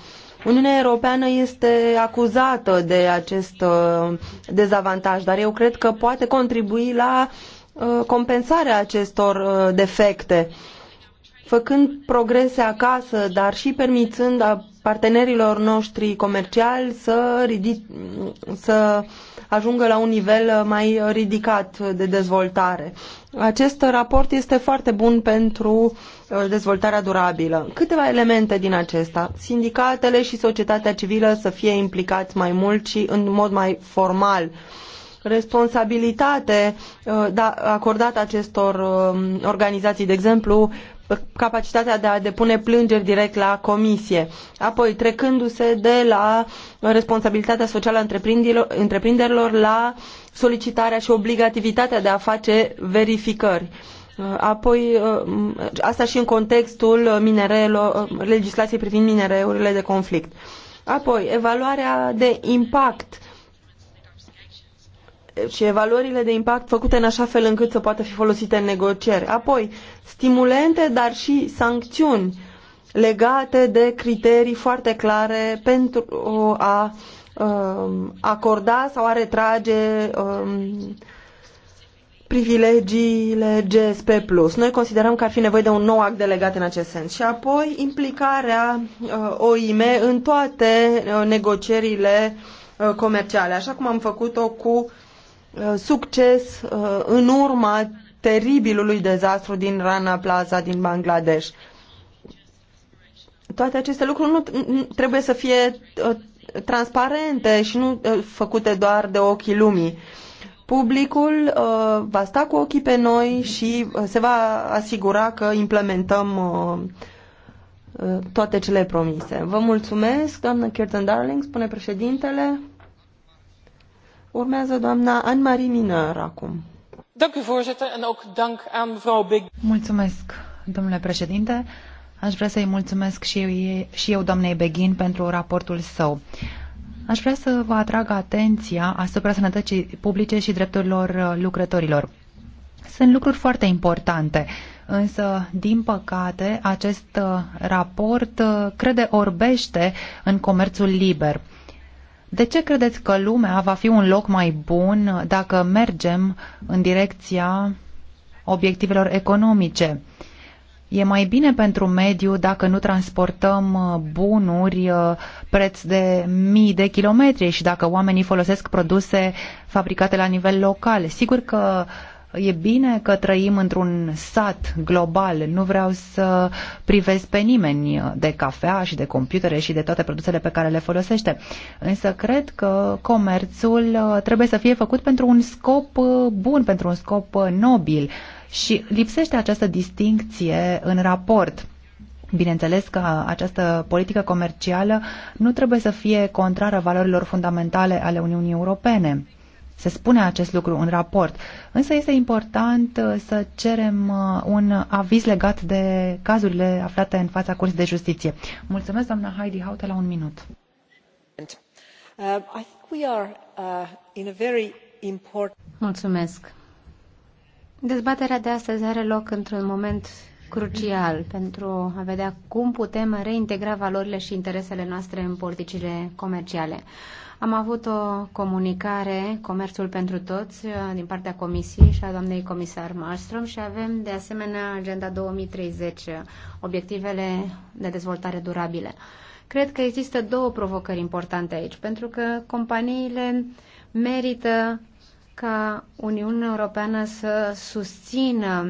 Uniunea Europeană este acuzată de acest uh, dezavantaj, dar eu cred că poate contribui la uh, compensarea acestor uh, defecte, făcând progrese acasă, dar și permițând partenerilor noștri comerciali să, ridic, să ajungă la un nivel uh, mai ridicat de dezvoltare. Acest raport este foarte bun pentru uh, dezvoltarea durabilă. Câteva elemente din acesta. Sindicatele și societatea civilă să fie implicați mai mult și în mod mai formal responsabilitate uh, da, acordată acestor um, organizații, de exemplu, capacitatea de a depune plângeri direct la comisie, apoi trecându-se de la responsabilitatea socială a întreprinderilor la solicitarea și obligativitatea de a face verificări. Apoi, ă, asta și în contextul minerelor, legislației privind minereurile de conflict. Apoi, evaluarea de impact uh, și evaluările de impact făcute în așa fel încât să poată fi folosite în negocieri. Apoi, stimulente, dar și sancțiuni legate de criterii foarte clare pentru uh, a um, acorda sau a retrage um, privilegiile GSP+. Noi considerăm că ar fi nevoie de un nou act delegat în acest sens. Și apoi implicarea uh, OIM în toate uh, negocierile comerciale, așa cum am făcut-o cu Uh, succes uh, în urma teribilului dezastru din Rana Plaza din Bangladesh. Toate aceste lucruri nu trebuie să fie uh, transparente și nu făcute doar de ochii lumii. Publicul va sta cu ochii pe noi și se va asigura că implementăm toate cele promise. Vă mulțumesc, doamnă Kirtan Darling, spune președintele. Urmează doamna Anne-Marie Minor acum. Mulțumesc, domnule președinte. Aș vrea să-i mulțumesc și eu, și eu doamnei Beghin pentru raportul său. Aș vrea să vă atrag atenția asupra sănătății publice și drepturilor uh, lucrătorilor. Sunt lucruri foarte importante, însă, din păcate, acest uh, raport uh, crede orbește în comerțul liber. De ce credeți că lumea va fi un loc mai bun dacă mergem în direcția obiectivelor economice? E mai bine pentru mediu dacă nu transportăm uh, bunuri uh, preț de mii de kilometri și dacă oamenii folosesc produse fabricate la nivel local. Sigur că E bine că trăim într-un sat global. Nu vreau să privesc pe nimeni de cafea și de computere și de toate produsele pe care le folosește. Însă cred că comerțul uh, trebuie să fie făcut pentru un scop uh, bun, pentru un scop uh, nobil. Și lipsește această distincție în raport. Bineînțeles că această politică comercială nu trebuie să fie contrară valorilor fundamentale ale Uniunii Europene. Se spune acest lucru în raport, însă este important uh, să cerem uh, un aviz legat de cazurile aflate în fața Curții de Justiție. Mulțumesc, doamna Heidi Haute, la un minut. Uh, Mulțumesc. Dezbaterea de astăzi are loc într-un moment crucial pentru a vedea cum putem reintegra valorile și interesele noastre în politicile comerciale. Am avut o comunicare, Comerțul pentru Toți, din partea Comisiei și a doamnei comisar Malmström și avem de asemenea Agenda 2030, obiectivele de dezvoltare durabile. Cred că există două provocări importante aici, pentru că companiile merită ca Uniunea Europeană să susțină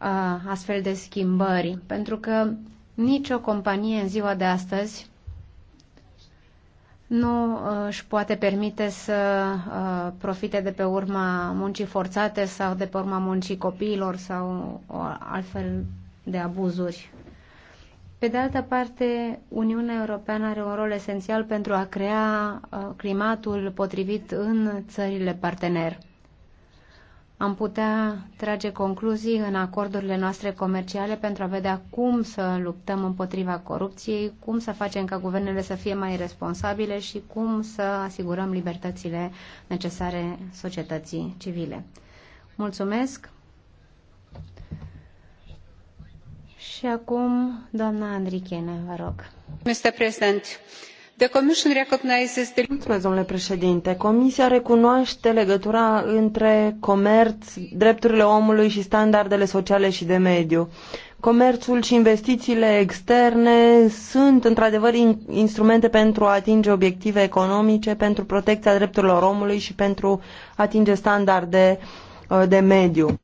uh, astfel de schimbări, pentru că nicio companie în ziua de astăzi nu uh, își poate permite să uh, profite de pe urma muncii forțate sau de pe urma muncii copiilor sau uh, altfel de abuzuri. Pe de altă parte, Uniunea Europeană are un rol esențial pentru a crea climatul potrivit în țările partener am putea trage concluzii în acordurile noastre comerciale pentru a vedea cum să luptăm împotriva corupției, cum să facem ca guvernele să fie mai responsabile și cum să asigurăm libertățile necesare societății civile. Mulțumesc! Și acum, doamna Andrichene, vă rog. Mr. President, domnule președinte. Comisia recunoaște legătura între comerț, drepturile omului și standardele sociale și de mediu. Comerțul și investițiile externe sunt într-adevăr instrumente pentru a atinge obiective economice, pentru protecția drepturilor omului și pentru a atinge standarde uh, de mediu.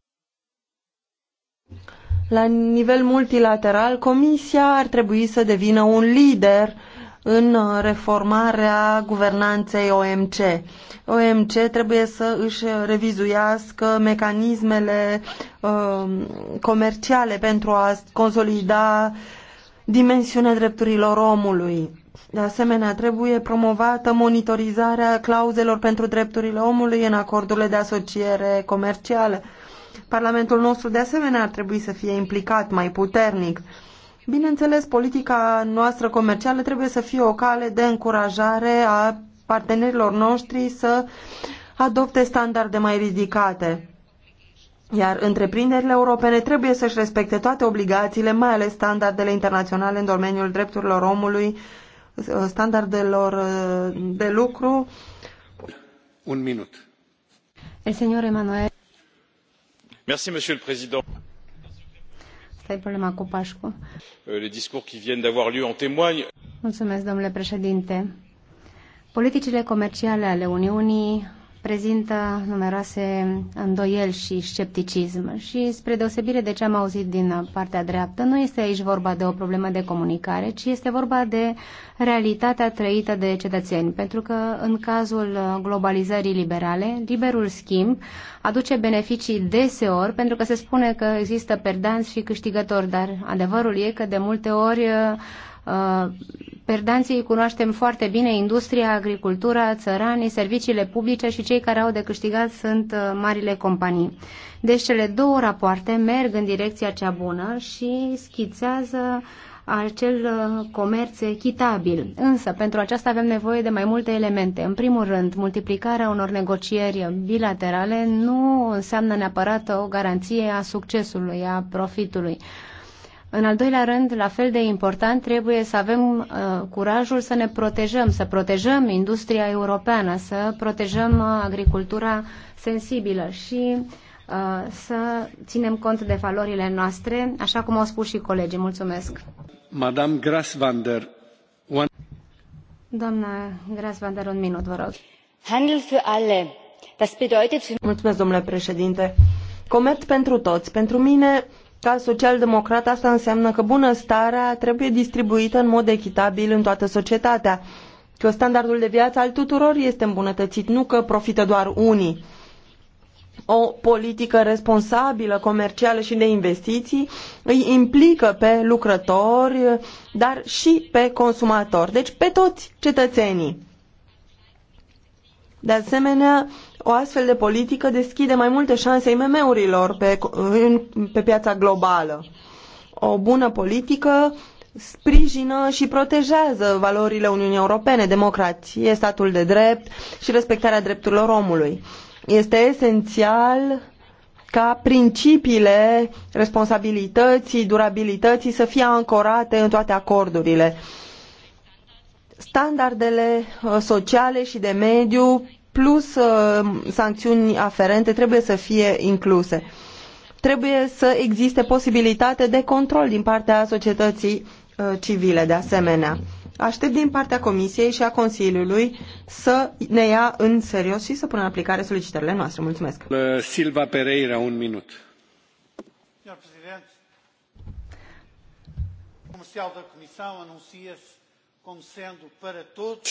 La nivel multilateral, Comisia ar trebui să devină un lider în reformarea guvernanței OMC. OMC trebuie să își revizuiască mecanismele uh, comerciale pentru a consolida dimensiunea drepturilor omului. De asemenea, trebuie promovată monitorizarea clauzelor pentru drepturile omului în acordurile de asociere comercială. Parlamentul nostru, de asemenea, ar trebui să fie implicat mai puternic. Bineînțeles, politica noastră comercială trebuie să fie o cale de încurajare a partenerilor noștri să adopte standarde mai ridicate. Iar întreprinderile europene trebuie să-și respecte toate obligațiile, mai ales standardele internaționale în domeniul drepturilor omului, standardelor uh, de lucru. Un minut. El señor Emanuel. Merci, monsieur le président. Asta e problema cu Pașcu. Euh, les discours qui viennent d'avoir lieu en témoignent. Mulțumesc, domnule președinte. Politicile comerciale ale Uniunii prezintă numeroase îndoieli și scepticism și, spre deosebire de ce am auzit din partea dreaptă, nu este aici vorba de o problemă de comunicare, ci este vorba de realitatea trăită de cetățeni, pentru că în cazul globalizării liberale, liberul schimb aduce beneficii deseori, pentru că se spune că există perdanți și câștigători, dar adevărul e că de multe ori uh, Perdanții cunoaștem foarte bine, industria, agricultura, țăranii, serviciile publice și cei care au de câștigat sunt uh, marile companii. Deci cele două rapoarte merg în direcția cea bună și schițează acel uh, comerț echitabil. Însă, pentru aceasta avem nevoie de mai multe elemente. În primul rând, multiplicarea unor negocieri bilaterale nu înseamnă neapărat o garanție a succesului, a profitului. În al doilea rând, la fel de important, trebuie să avem uh, curajul să ne protejăm, să protejăm industria europeană, să protejăm uh, agricultura sensibilă și uh, să ținem cont de valorile noastre, așa cum au spus și colegii. Mulțumesc. Madame Grasvander. One... Doamna Grasvander, un minut, vă rog. Handel für alle. Das bedeutet... Mulțumesc, domnule președinte. Comerț pentru toți. Pentru mine ca social-democrat asta înseamnă că bunăstarea trebuie distribuită în mod echitabil în toată societatea, că standardul de viață al tuturor este îmbunătățit, nu că profită doar unii. O politică responsabilă, comercială și de investiții îi implică pe lucrători, dar și pe consumatori, deci pe toți cetățenii. De asemenea, o astfel de politică deschide mai multe șanse IMM-urilor pe, în, pe piața globală. O bună politică sprijină și protejează valorile Uniunii Europene, democrație, statul de drept și respectarea drepturilor omului. Este esențial ca principiile responsabilității, durabilității să fie ancorate în toate acordurile. Standardele uh, sociale și de mediu plus uh, sancțiuni aferente trebuie să fie incluse. Trebuie să existe posibilitate de control din partea societății uh, civile de asemenea. Aștept din partea Comisiei și a Consiliului să ne ia în serios și să pună în aplicare solicitările noastre. Mulțumesc. Uh, Silva Pereira, un minut. comercial de da comisie anuncia-se como sendo para todos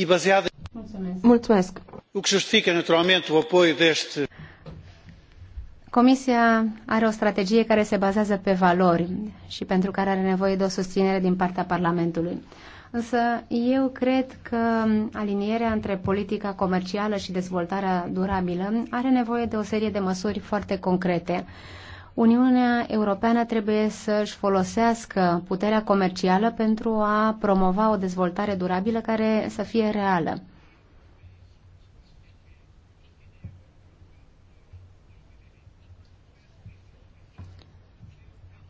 e baseada. Mulțumesc. O que justifica naturalmente o apoio deste. Comisia are o strategie care se bazează pe valori și pentru care are nevoie de o susținere din partea Parlamentului. Însă eu cred că alinierea între politica comercială și dezvoltarea durabilă are nevoie de o serie de măsuri foarte concrete. Uniunea Europeană trebuie să-și folosească puterea comercială pentru a promova o dezvoltare durabilă care să fie reală.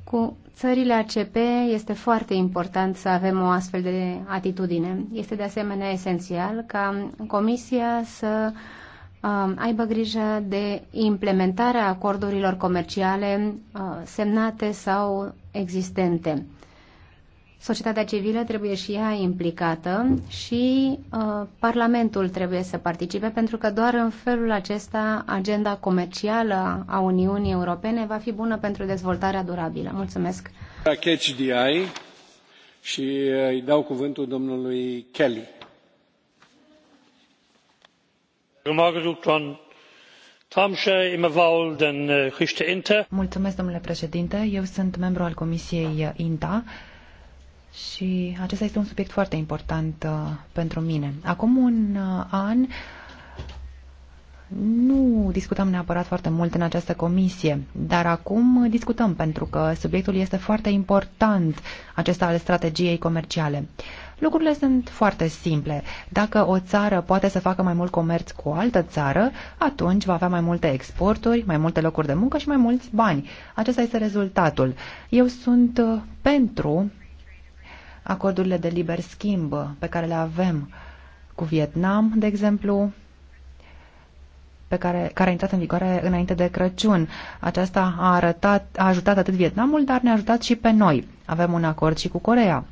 Cu țările ACP este foarte important să avem o astfel de atitudine. Este de asemenea esențial ca Comisia să Um, aibă grijă de implementarea acordurilor comerciale uh, semnate sau existente. Societatea civilă trebuie și ea implicată și uh, Parlamentul trebuie să participe pentru că doar în felul acesta agenda comercială a Uniunii Europene va fi bună pentru dezvoltarea durabilă. Mulțumesc! Catch the eye și uh, îi dau cuvântul domnului Kelly. Äh, Mulțumesc, domnule președinte. Eu sunt membru al Comisiei uh, INTA și acesta este un subiect foarte important uh, pentru mine. Acum un uh, an nu discutam neapărat foarte mult în această comisie, dar acum discutăm pentru că subiectul este foarte important, acesta al strategiei comerciale. Uh, Lucrurile sunt foarte simple. Dacă o țară poate să facă mai mult comerț cu o altă țară, atunci va avea mai multe exporturi, mai multe locuri de muncă și mai mulți bani. Acesta este rezultatul. Eu sunt uh, pentru acordurile de liber schimb pe care le avem cu Vietnam, de exemplu, pe care, care a intrat în vigoare înainte de Crăciun. Aceasta a, arătat, a ajutat atât Vietnamul, dar ne-a ajutat și pe noi. Avem un acord și cu Corea.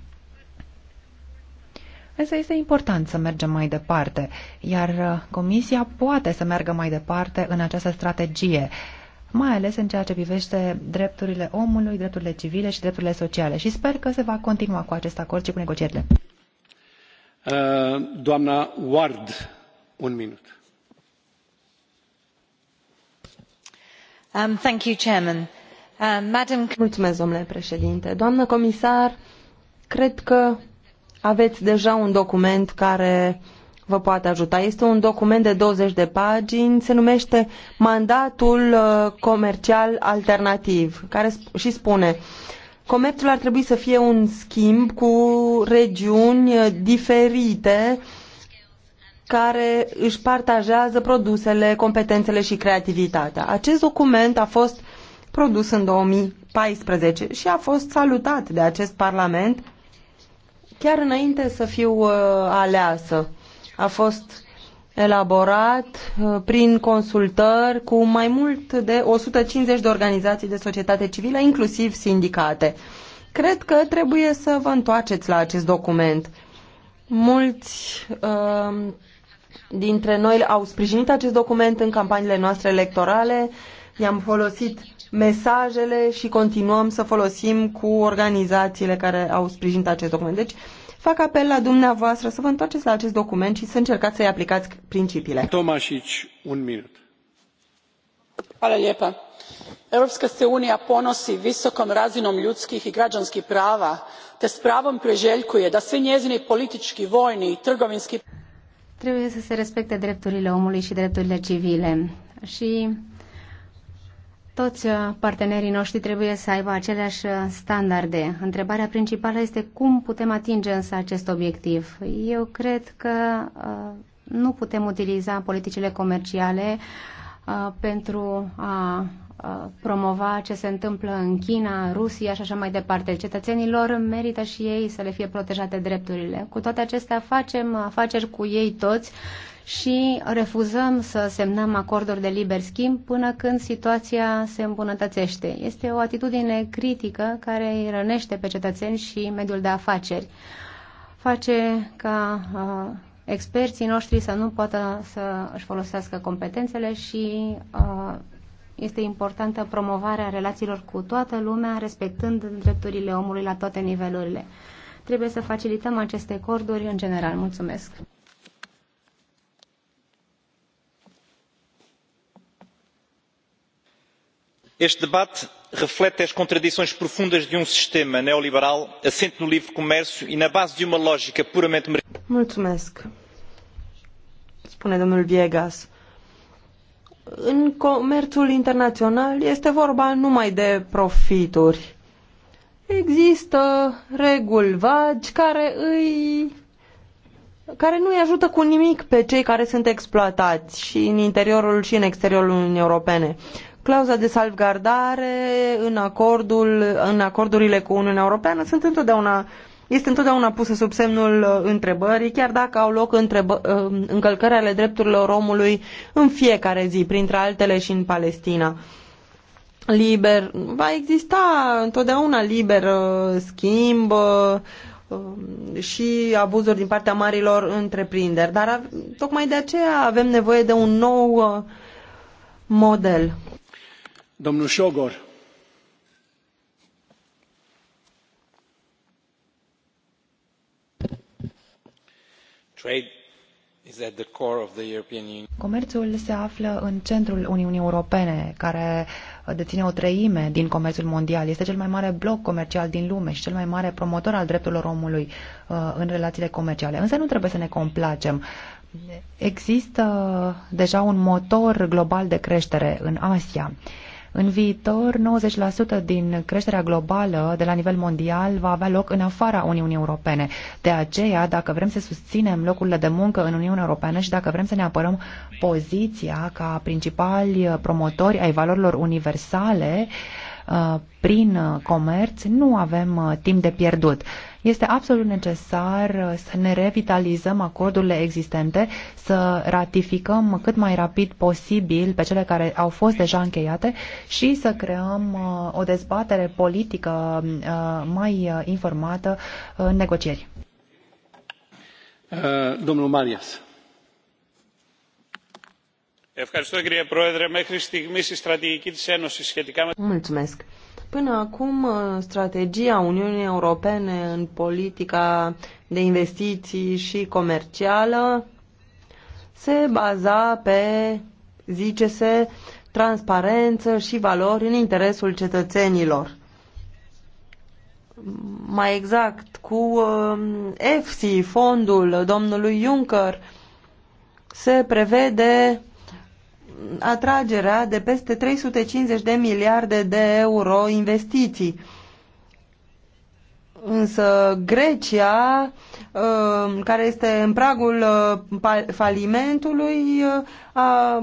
Însă este important să mergem mai departe, iar uh, Comisia poate să meargă mai departe în această strategie, mai ales în ceea ce privește drepturile omului, drepturile civile și drepturile sociale. Și sper că se va continua cu acest acord și cu negocierile. Uh, doamna Ward, un minut. Um, thank you, Chairman. Um, Madam... Mulțumesc, domnule președinte. Doamnă comisar, cred că aveți deja un document care vă poate ajuta. Este un document de 20 de pagini, se numește Mandatul uh, Comercial Alternativ, care și spune Comerțul ar trebui să fie un schimb cu regiuni uh, diferite care își partajează produsele, competențele și creativitatea. Acest document a fost produs în 2014 și a fost salutat de acest Parlament chiar înainte să fiu uh, aleasă. A fost elaborat uh, prin consultări cu mai mult de 150 de organizații de societate civilă, inclusiv sindicate. Cred că trebuie să vă întoarceți la acest document. Mulți uh, dintre noi au sprijinit acest document în campaniile noastre electorale, i am folosit mesajele și continuăm să folosim cu organizațiile care au sprijinit acest document. Deci fac apel la dumneavoastră să vă întoarceți la acest document și să încercați să-i aplicați principiile. Tomașici, un minut. Hvala lijepa. Europska se unija ponosi visokom razinom ljudskih i građanskih prava, te s pravom preželjkuje da svi njezini politički, vojni i trgovinski... Trebuie să se respecte drepturile omului și drepturile civile. Și toți uh, partenerii noștri trebuie să aibă aceleași uh, standarde. Întrebarea principală este cum putem atinge însă acest obiectiv. Eu cred că uh, nu putem utiliza politicile comerciale pentru a promova ce se întâmplă în China, Rusia și așa mai departe. Cetățenilor merită și ei să le fie protejate drepturile. Cu toate acestea facem afaceri cu ei toți și refuzăm să semnăm acorduri de liber schimb până când situația se îmbunătățește. Este o atitudine critică care îi rănește pe cetățeni și mediul de afaceri. Face ca uh, experții noștri să nu poată să își folosească competențele și uh, este importantă promovarea relațiilor cu toată lumea, respectând drepturile omului la toate nivelurile. Trebuie să facilităm aceste acorduri în general. Mulțumesc! este debate reflete as contradições profundas de um sistema neoliberal assente no livre comércio e na base de uma lógica puramente. Mulțumesc. Spune domnul Viegas. În comerțul internațional este vorba numai de profituri. Există reguli vagi care îi care nu îi ajută cu nimic pe cei care sunt exploatați și în interiorul și în exteriorul Uniunii Europene. Clauza de salvgardare în, acordul, în acordurile cu Uniunea Europeană sunt întotdeauna, este întotdeauna pusă sub semnul uh, întrebării, chiar dacă au loc uh, încălcări ale drepturilor omului în fiecare zi, printre altele și în Palestina liber, va exista întotdeauna liber uh, schimb um, și abuzuri din partea marilor întreprinderi, dar tocmai de aceea avem nevoie de un nou model. Comerțul se află în centrul Uniunii Europene, care deține o treime din comerțul mondial. Este cel mai mare bloc comercial din lume și cel mai mare promotor al drepturilor omului uh, în relațiile comerciale. Însă nu trebuie să ne complacem. Există deja un motor global de creștere în Asia. În viitor, 90% din creșterea globală de la nivel mondial va avea loc în afara Uniunii Europene. De aceea, dacă vrem să susținem locurile de muncă în Uniunea Europeană și dacă vrem să ne apărăm poziția ca principali promotori ai valorilor universale, uh, prin uh, comerț, nu avem uh, timp de pierdut. Este absolut necesar uh, să ne revitalizăm acordurile existente, să ratificăm cât mai rapid posibil pe cele care au fost deja încheiate și să creăm uh, o dezbatere politică uh, mai informată în negocieri. Domnul Marias. Mulțumesc. Până acum, uh, strategia Uniunii Europene în politica de investiții și comercială se baza pe, zice-se, transparență și valori în interesul cetățenilor. Mai exact, cu EFSI, uh, fondul domnului Juncker, se prevede atragerea de peste 350 de miliarde de euro investiții. Însă Grecia, uh, care este în pragul uh, falimentului, uh,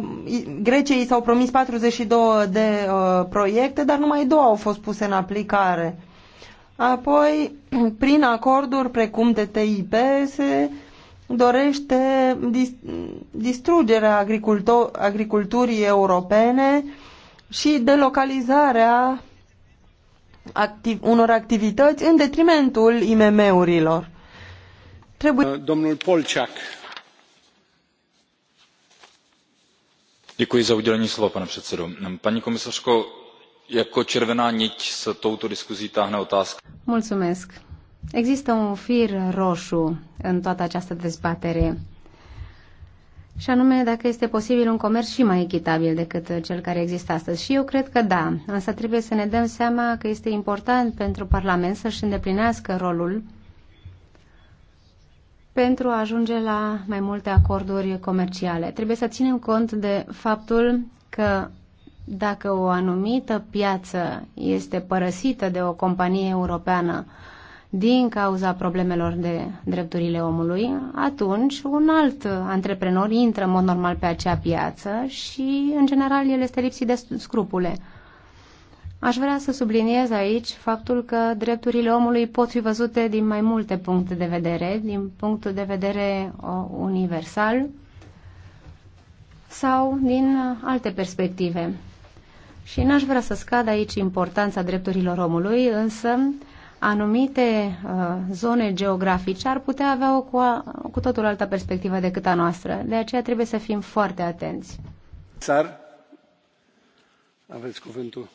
Greciei s-au promis 42 de proiecte, dar numai două au fost puse în aplicare. Apoi, prin acorduri precum TTIP, se dorește distrugerea agriculturii europene și delocalizarea activ unor activități în detrimentul IMM-urilor. Trebuie... Uh, domnul Polciac. Děkuji za udělení slova, pane předsedo. Paní komisařko, jako červená niť se touto diskuzí táhne otázka. Mulțumesc Există un fir roșu în toată această dezbatere și anume dacă este posibil un comerț și mai echitabil decât cel care există astăzi. Și eu cred că da, însă trebuie să ne dăm seama că este important pentru Parlament să-și îndeplinească rolul pentru a ajunge la mai multe acorduri comerciale. Trebuie să ținem cont de faptul că dacă o anumită piață este părăsită de o companie europeană, din cauza problemelor de drepturile omului, atunci un alt antreprenor intră în mod normal pe acea piață și, în general, el este lipsit de scrupule. Aș vrea să subliniez aici faptul că drepturile omului pot fi văzute din mai multe puncte de vedere, din punctul de vedere universal sau din alte perspective. Și n-aș vrea să scad aici importanța drepturilor omului, însă anumite uh, zone geografice ar putea avea o cu, a, cu totul altă perspectivă decât a noastră. De aceea trebuie să fim foarte atenți. Sar, aveți cuvântul.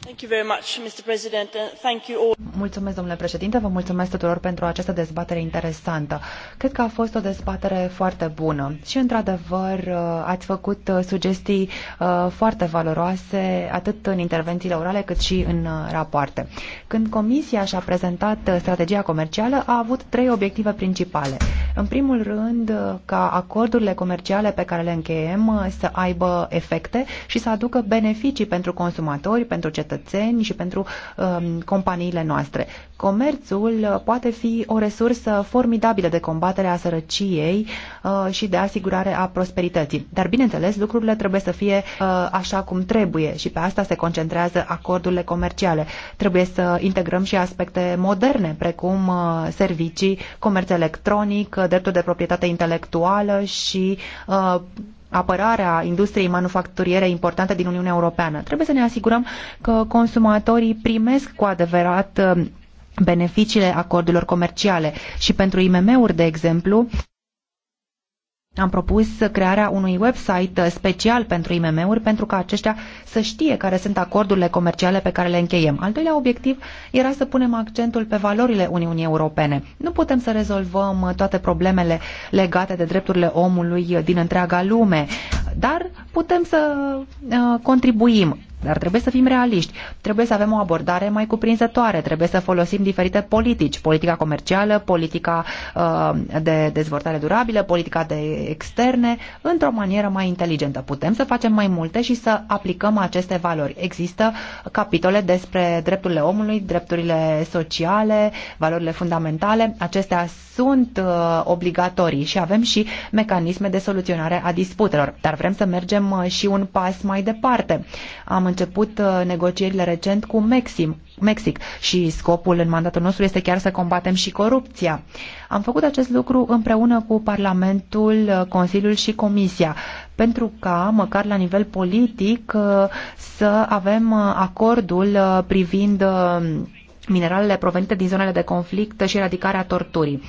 Thank you very much, Mr. President, and thank you all. Mulțumesc, domnule președinte, vă mulțumesc tuturor pentru această dezbatere interesantă. Cred că a fost o dezbatere foarte bună și, într-adevăr, uh, ați făcut uh, sugestii uh, foarte valoroase, atât în intervențiile orale cât și în rapoarte. Când Comisia și-a prezentat strategia comercială, a avut trei obiective principale. În primul rând, ca acordurile comerciale pe care le încheiem să aibă efecte și să aducă beneficii pentru consumatori, pentru cetățeni și pentru um, companiile noastre noastre. Comerțul uh, poate fi o resursă formidabilă de combatere a sărăciei uh, și de asigurare a prosperității. Dar, bineînțeles, lucrurile trebuie să fie uh, așa cum trebuie și pe asta se concentrează acordurile comerciale. Trebuie să integrăm și aspecte moderne, precum servicii, comerț electronic, dreptul de proprietate intelectuală și apărarea industriei manufacturiere importante din Uniunea Europeană. Trebuie să ne asigurăm că consumatorii primesc cu adevărat uh, beneficiile acordurilor comerciale și pentru IMM-uri, de exemplu, am propus crearea unui website special pentru IMM-uri pentru ca aceștia să știe care sunt acordurile comerciale pe care le încheiem. Al doilea obiectiv era să punem accentul pe valorile Uniunii Europene. Nu putem să rezolvăm toate problemele legate de drepturile omului din întreaga lume, dar putem să uh, contribuim dar trebuie să fim realiști, trebuie să avem o abordare mai cuprinzătoare, trebuie să folosim diferite politici, politica comercială, politica uh, de dezvoltare durabilă, politica de externe, într-o manieră mai inteligentă. Putem să facem mai multe și să aplicăm aceste valori. Există capitole despre drepturile omului, drepturile sociale, valorile fundamentale. Acestea sunt uh, obligatorii și avem și mecanisme de soluționare a disputelor. Dar vrem să mergem uh, și un pas mai departe. Am început uh, negocierile recent cu Mexim, Mexic și scopul în mandatul nostru este chiar să combatem și corupția. Am făcut acest lucru împreună cu Parlamentul, uh, Consiliul și Comisia pentru ca, măcar la nivel politic, uh, să avem acordul privind mineralele provenite din zonele de conflict și eradicarea torturii.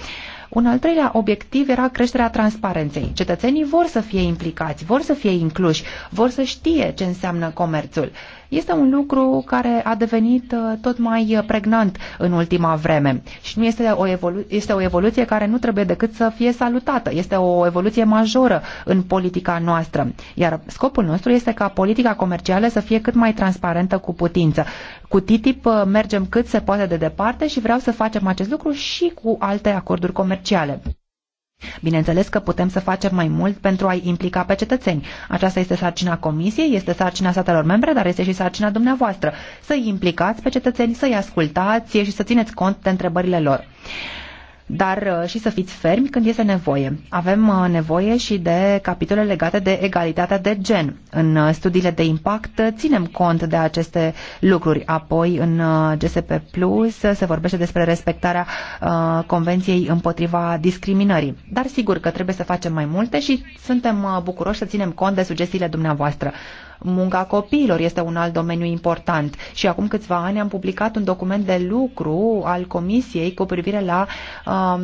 Un al treilea obiectiv era creșterea transparenței. Cetățenii vor să fie implicați, vor să fie incluși, vor să știe ce înseamnă comerțul este un lucru care a devenit uh, tot mai uh, pregnant în ultima vreme și nu este o, evolu- este o evoluție care nu trebuie decât să fie salutată. Este o evoluție majoră în politica noastră, iar scopul nostru este ca politica comercială să fie cât mai transparentă cu putință. Cu TTIP uh, mergem cât se poate de departe și vreau să facem acest lucru și cu alte acorduri comerciale. Bineînțeles că putem să facem mai mult pentru a-i implica pe cetățeni. Aceasta este sarcina Comisiei, este sarcina statelor membre, dar este și sarcina dumneavoastră. Să-i implicați pe cetățeni, să-i ascultați și să țineți cont de întrebările lor dar uh, și să fiți fermi când este nevoie. Avem uh, nevoie și de capitole legate de egalitatea de gen. În uh, studiile de impact ținem cont de aceste lucruri. Apoi, în GSP Plus se vorbește despre respectarea Convenției împotriva discriminării. Dar sigur că trebuie să facem mai multe și suntem bucuroși să ținem cont de sugestiile dumneavoastră. Munca copiilor este un alt domeniu important și acum câțiva ani am publicat un document de lucru al Comisiei cu privire la um,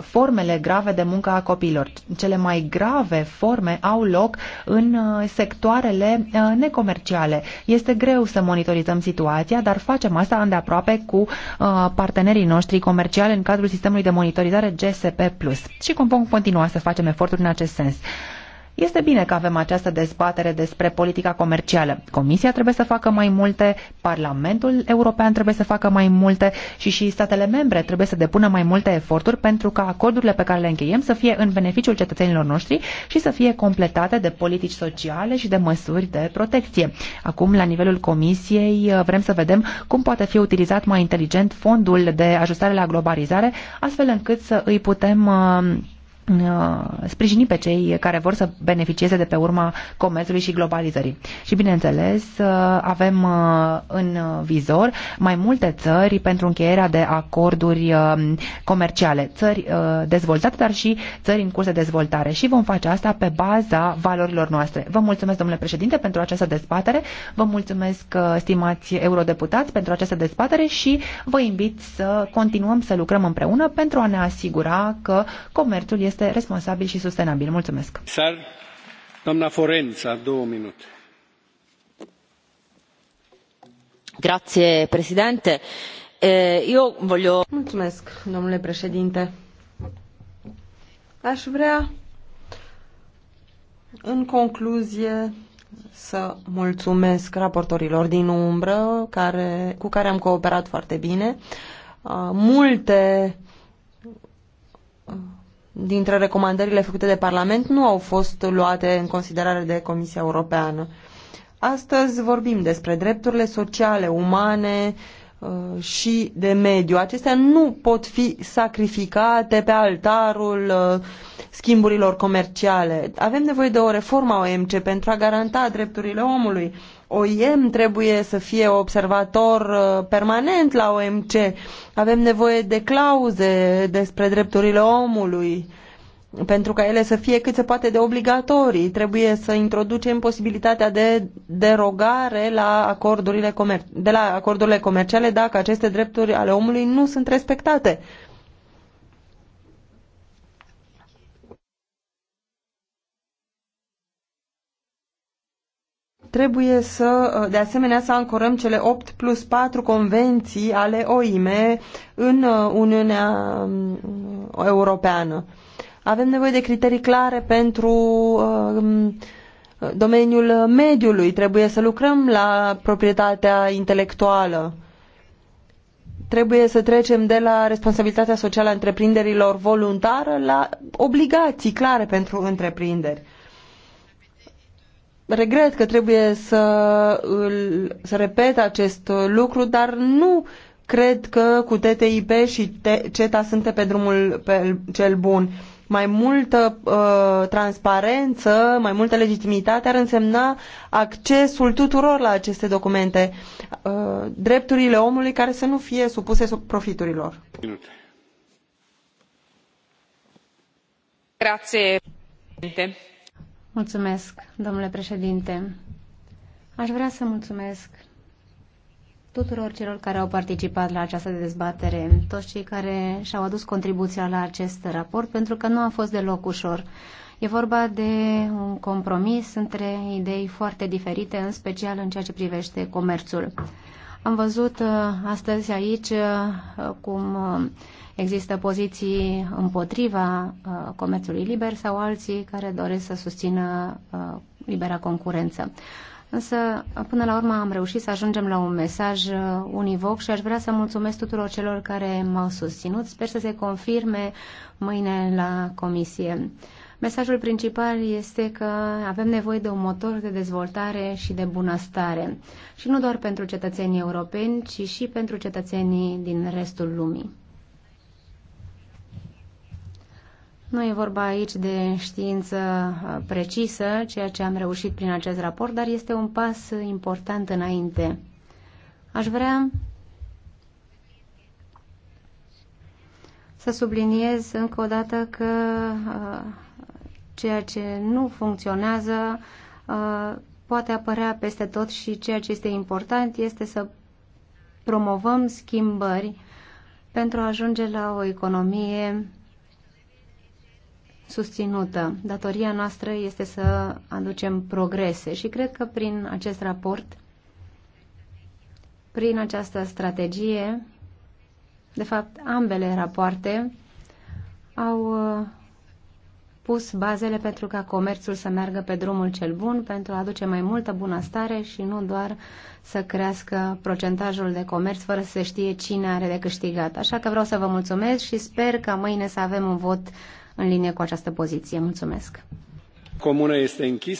formele grave de muncă a copiilor. Cele mai grave forme au loc în uh, sectoarele uh, necomerciale. Este greu să monitorizăm situația, dar facem asta îndeaproape cu uh, partenerii noștri comerciali în cadrul sistemului de monitorizare GSP+. Și vom continua să facem eforturi în acest sens. Este bine că avem această dezbatere despre politica comercială. Comisia trebuie să facă mai multe, Parlamentul European trebuie să facă mai multe și și statele membre trebuie să depună mai multe eforturi pentru ca acordurile pe care le încheiem să fie în beneficiul cetățenilor noștri și să fie completate de politici sociale și de măsuri de protecție. Acum, la nivelul Comisiei, vrem să vedem cum poate fi utilizat mai inteligent fondul de ajustare la globalizare, astfel încât să îi putem uh, Uh, sprijini pe cei care vor să beneficieze de pe urma comerțului și globalizării. Și bineînțeles, uh, avem uh, în vizor mai multe țări pentru încheierea de acorduri comerciale, țări dezvoltate, dar și țări în curs de dezvoltare și vom face asta pe baza valorilor noastre. Vă mulțumesc, domnule președinte, pentru această dezbatere, vă mulțumesc, stimați eurodeputați, pentru această dezbatere și vă invit să continuăm să lucrăm împreună pentru a ne asigura că comerțul este este responsabil și sustenabil. Mulțumesc. Sar, doamna Forența, două minute. Grazie, președinte. Eu voglio... Mulțumesc, domnule președinte. Aș vrea, în concluzie, să mulțumesc raportorilor din umbră care, cu care am cooperat foarte bine. Multe dintre recomandările făcute de Parlament nu au fost luate în considerare de Comisia Europeană. Astăzi vorbim despre drepturile sociale, umane uh, și de mediu. Acestea nu pot fi sacrificate pe altarul uh, schimburilor comerciale. Avem nevoie de o reformă a OMC pentru a garanta drepturile omului, OIM trebuie să fie observator uh, permanent la OMC. Avem nevoie de clauze despre drepturile omului pentru ca ele să fie cât se poate de obligatorii. Trebuie să introducem posibilitatea de derogare la acordurile, comer- de la acordurile comerciale dacă aceste drepturi ale omului nu sunt respectate. Uh, Trebuie să, uh, de asemenea, să ancorăm cele 8 plus 4 convenții ale OIM în uh, Uniunea um, Europeană. Avem nevoie de criterii clare pentru uh, um, domeniul mediului. Trebuie să lucrăm la proprietatea intelectuală trebuie să trecem de la responsabilitatea socială a întreprinderilor voluntară la obligații clare pentru întreprinderi regret că trebuie să, îl, să repet acest lucru, dar nu cred că cu TTIP și CETA sunt pe drumul pe cel bun. Mai multă uh, transparență, mai multă legitimitate ar însemna accesul tuturor la aceste documente, uh, drepturile omului care să nu fie supuse sub profiturilor. Grazie. Mulțumesc, domnule președinte. Aș vrea să mulțumesc tuturor celor care au participat la această dezbatere, toți cei care și-au adus contribuția la acest raport, pentru că nu a fost deloc ușor. E vorba de un compromis între idei foarte diferite, în special în ceea ce privește comerțul. Am văzut uh, astăzi aici uh, cum uh, Există poziții împotriva uh, comerțului liber sau alții care doresc să susțină uh, libera concurență. Însă, până la urmă, am reușit să ajungem la un mesaj uh, univoc și aș vrea să mulțumesc tuturor celor care m-au susținut. Sper să se confirme mâine la comisie. Mesajul principal este că avem nevoie de un motor de dezvoltare și de bunăstare. Și nu doar pentru cetățenii europeni, ci și pentru cetățenii din restul lumii. Nu e vorba aici de știință uh, precisă, ceea ce am reușit prin acest raport, dar este un pas important înainte. Aș vrea să subliniez încă o dată că uh, ceea ce nu funcționează uh, poate apărea peste tot și ceea ce este important este să promovăm schimbări pentru a ajunge la o economie susținută. Datoria noastră este să aducem progrese și cred că prin acest raport, prin această strategie, de fapt ambele rapoarte au uh, pus bazele pentru ca comerțul să meargă pe drumul cel bun, pentru a aduce mai multă bunăstare și nu doar să crească procentajul de comerț fără să se știe cine are de câștigat. Așa că vreau să vă mulțumesc și sper ca mâine să avem un vot în linie cu această poziție. Mulțumesc! Comună este închisă.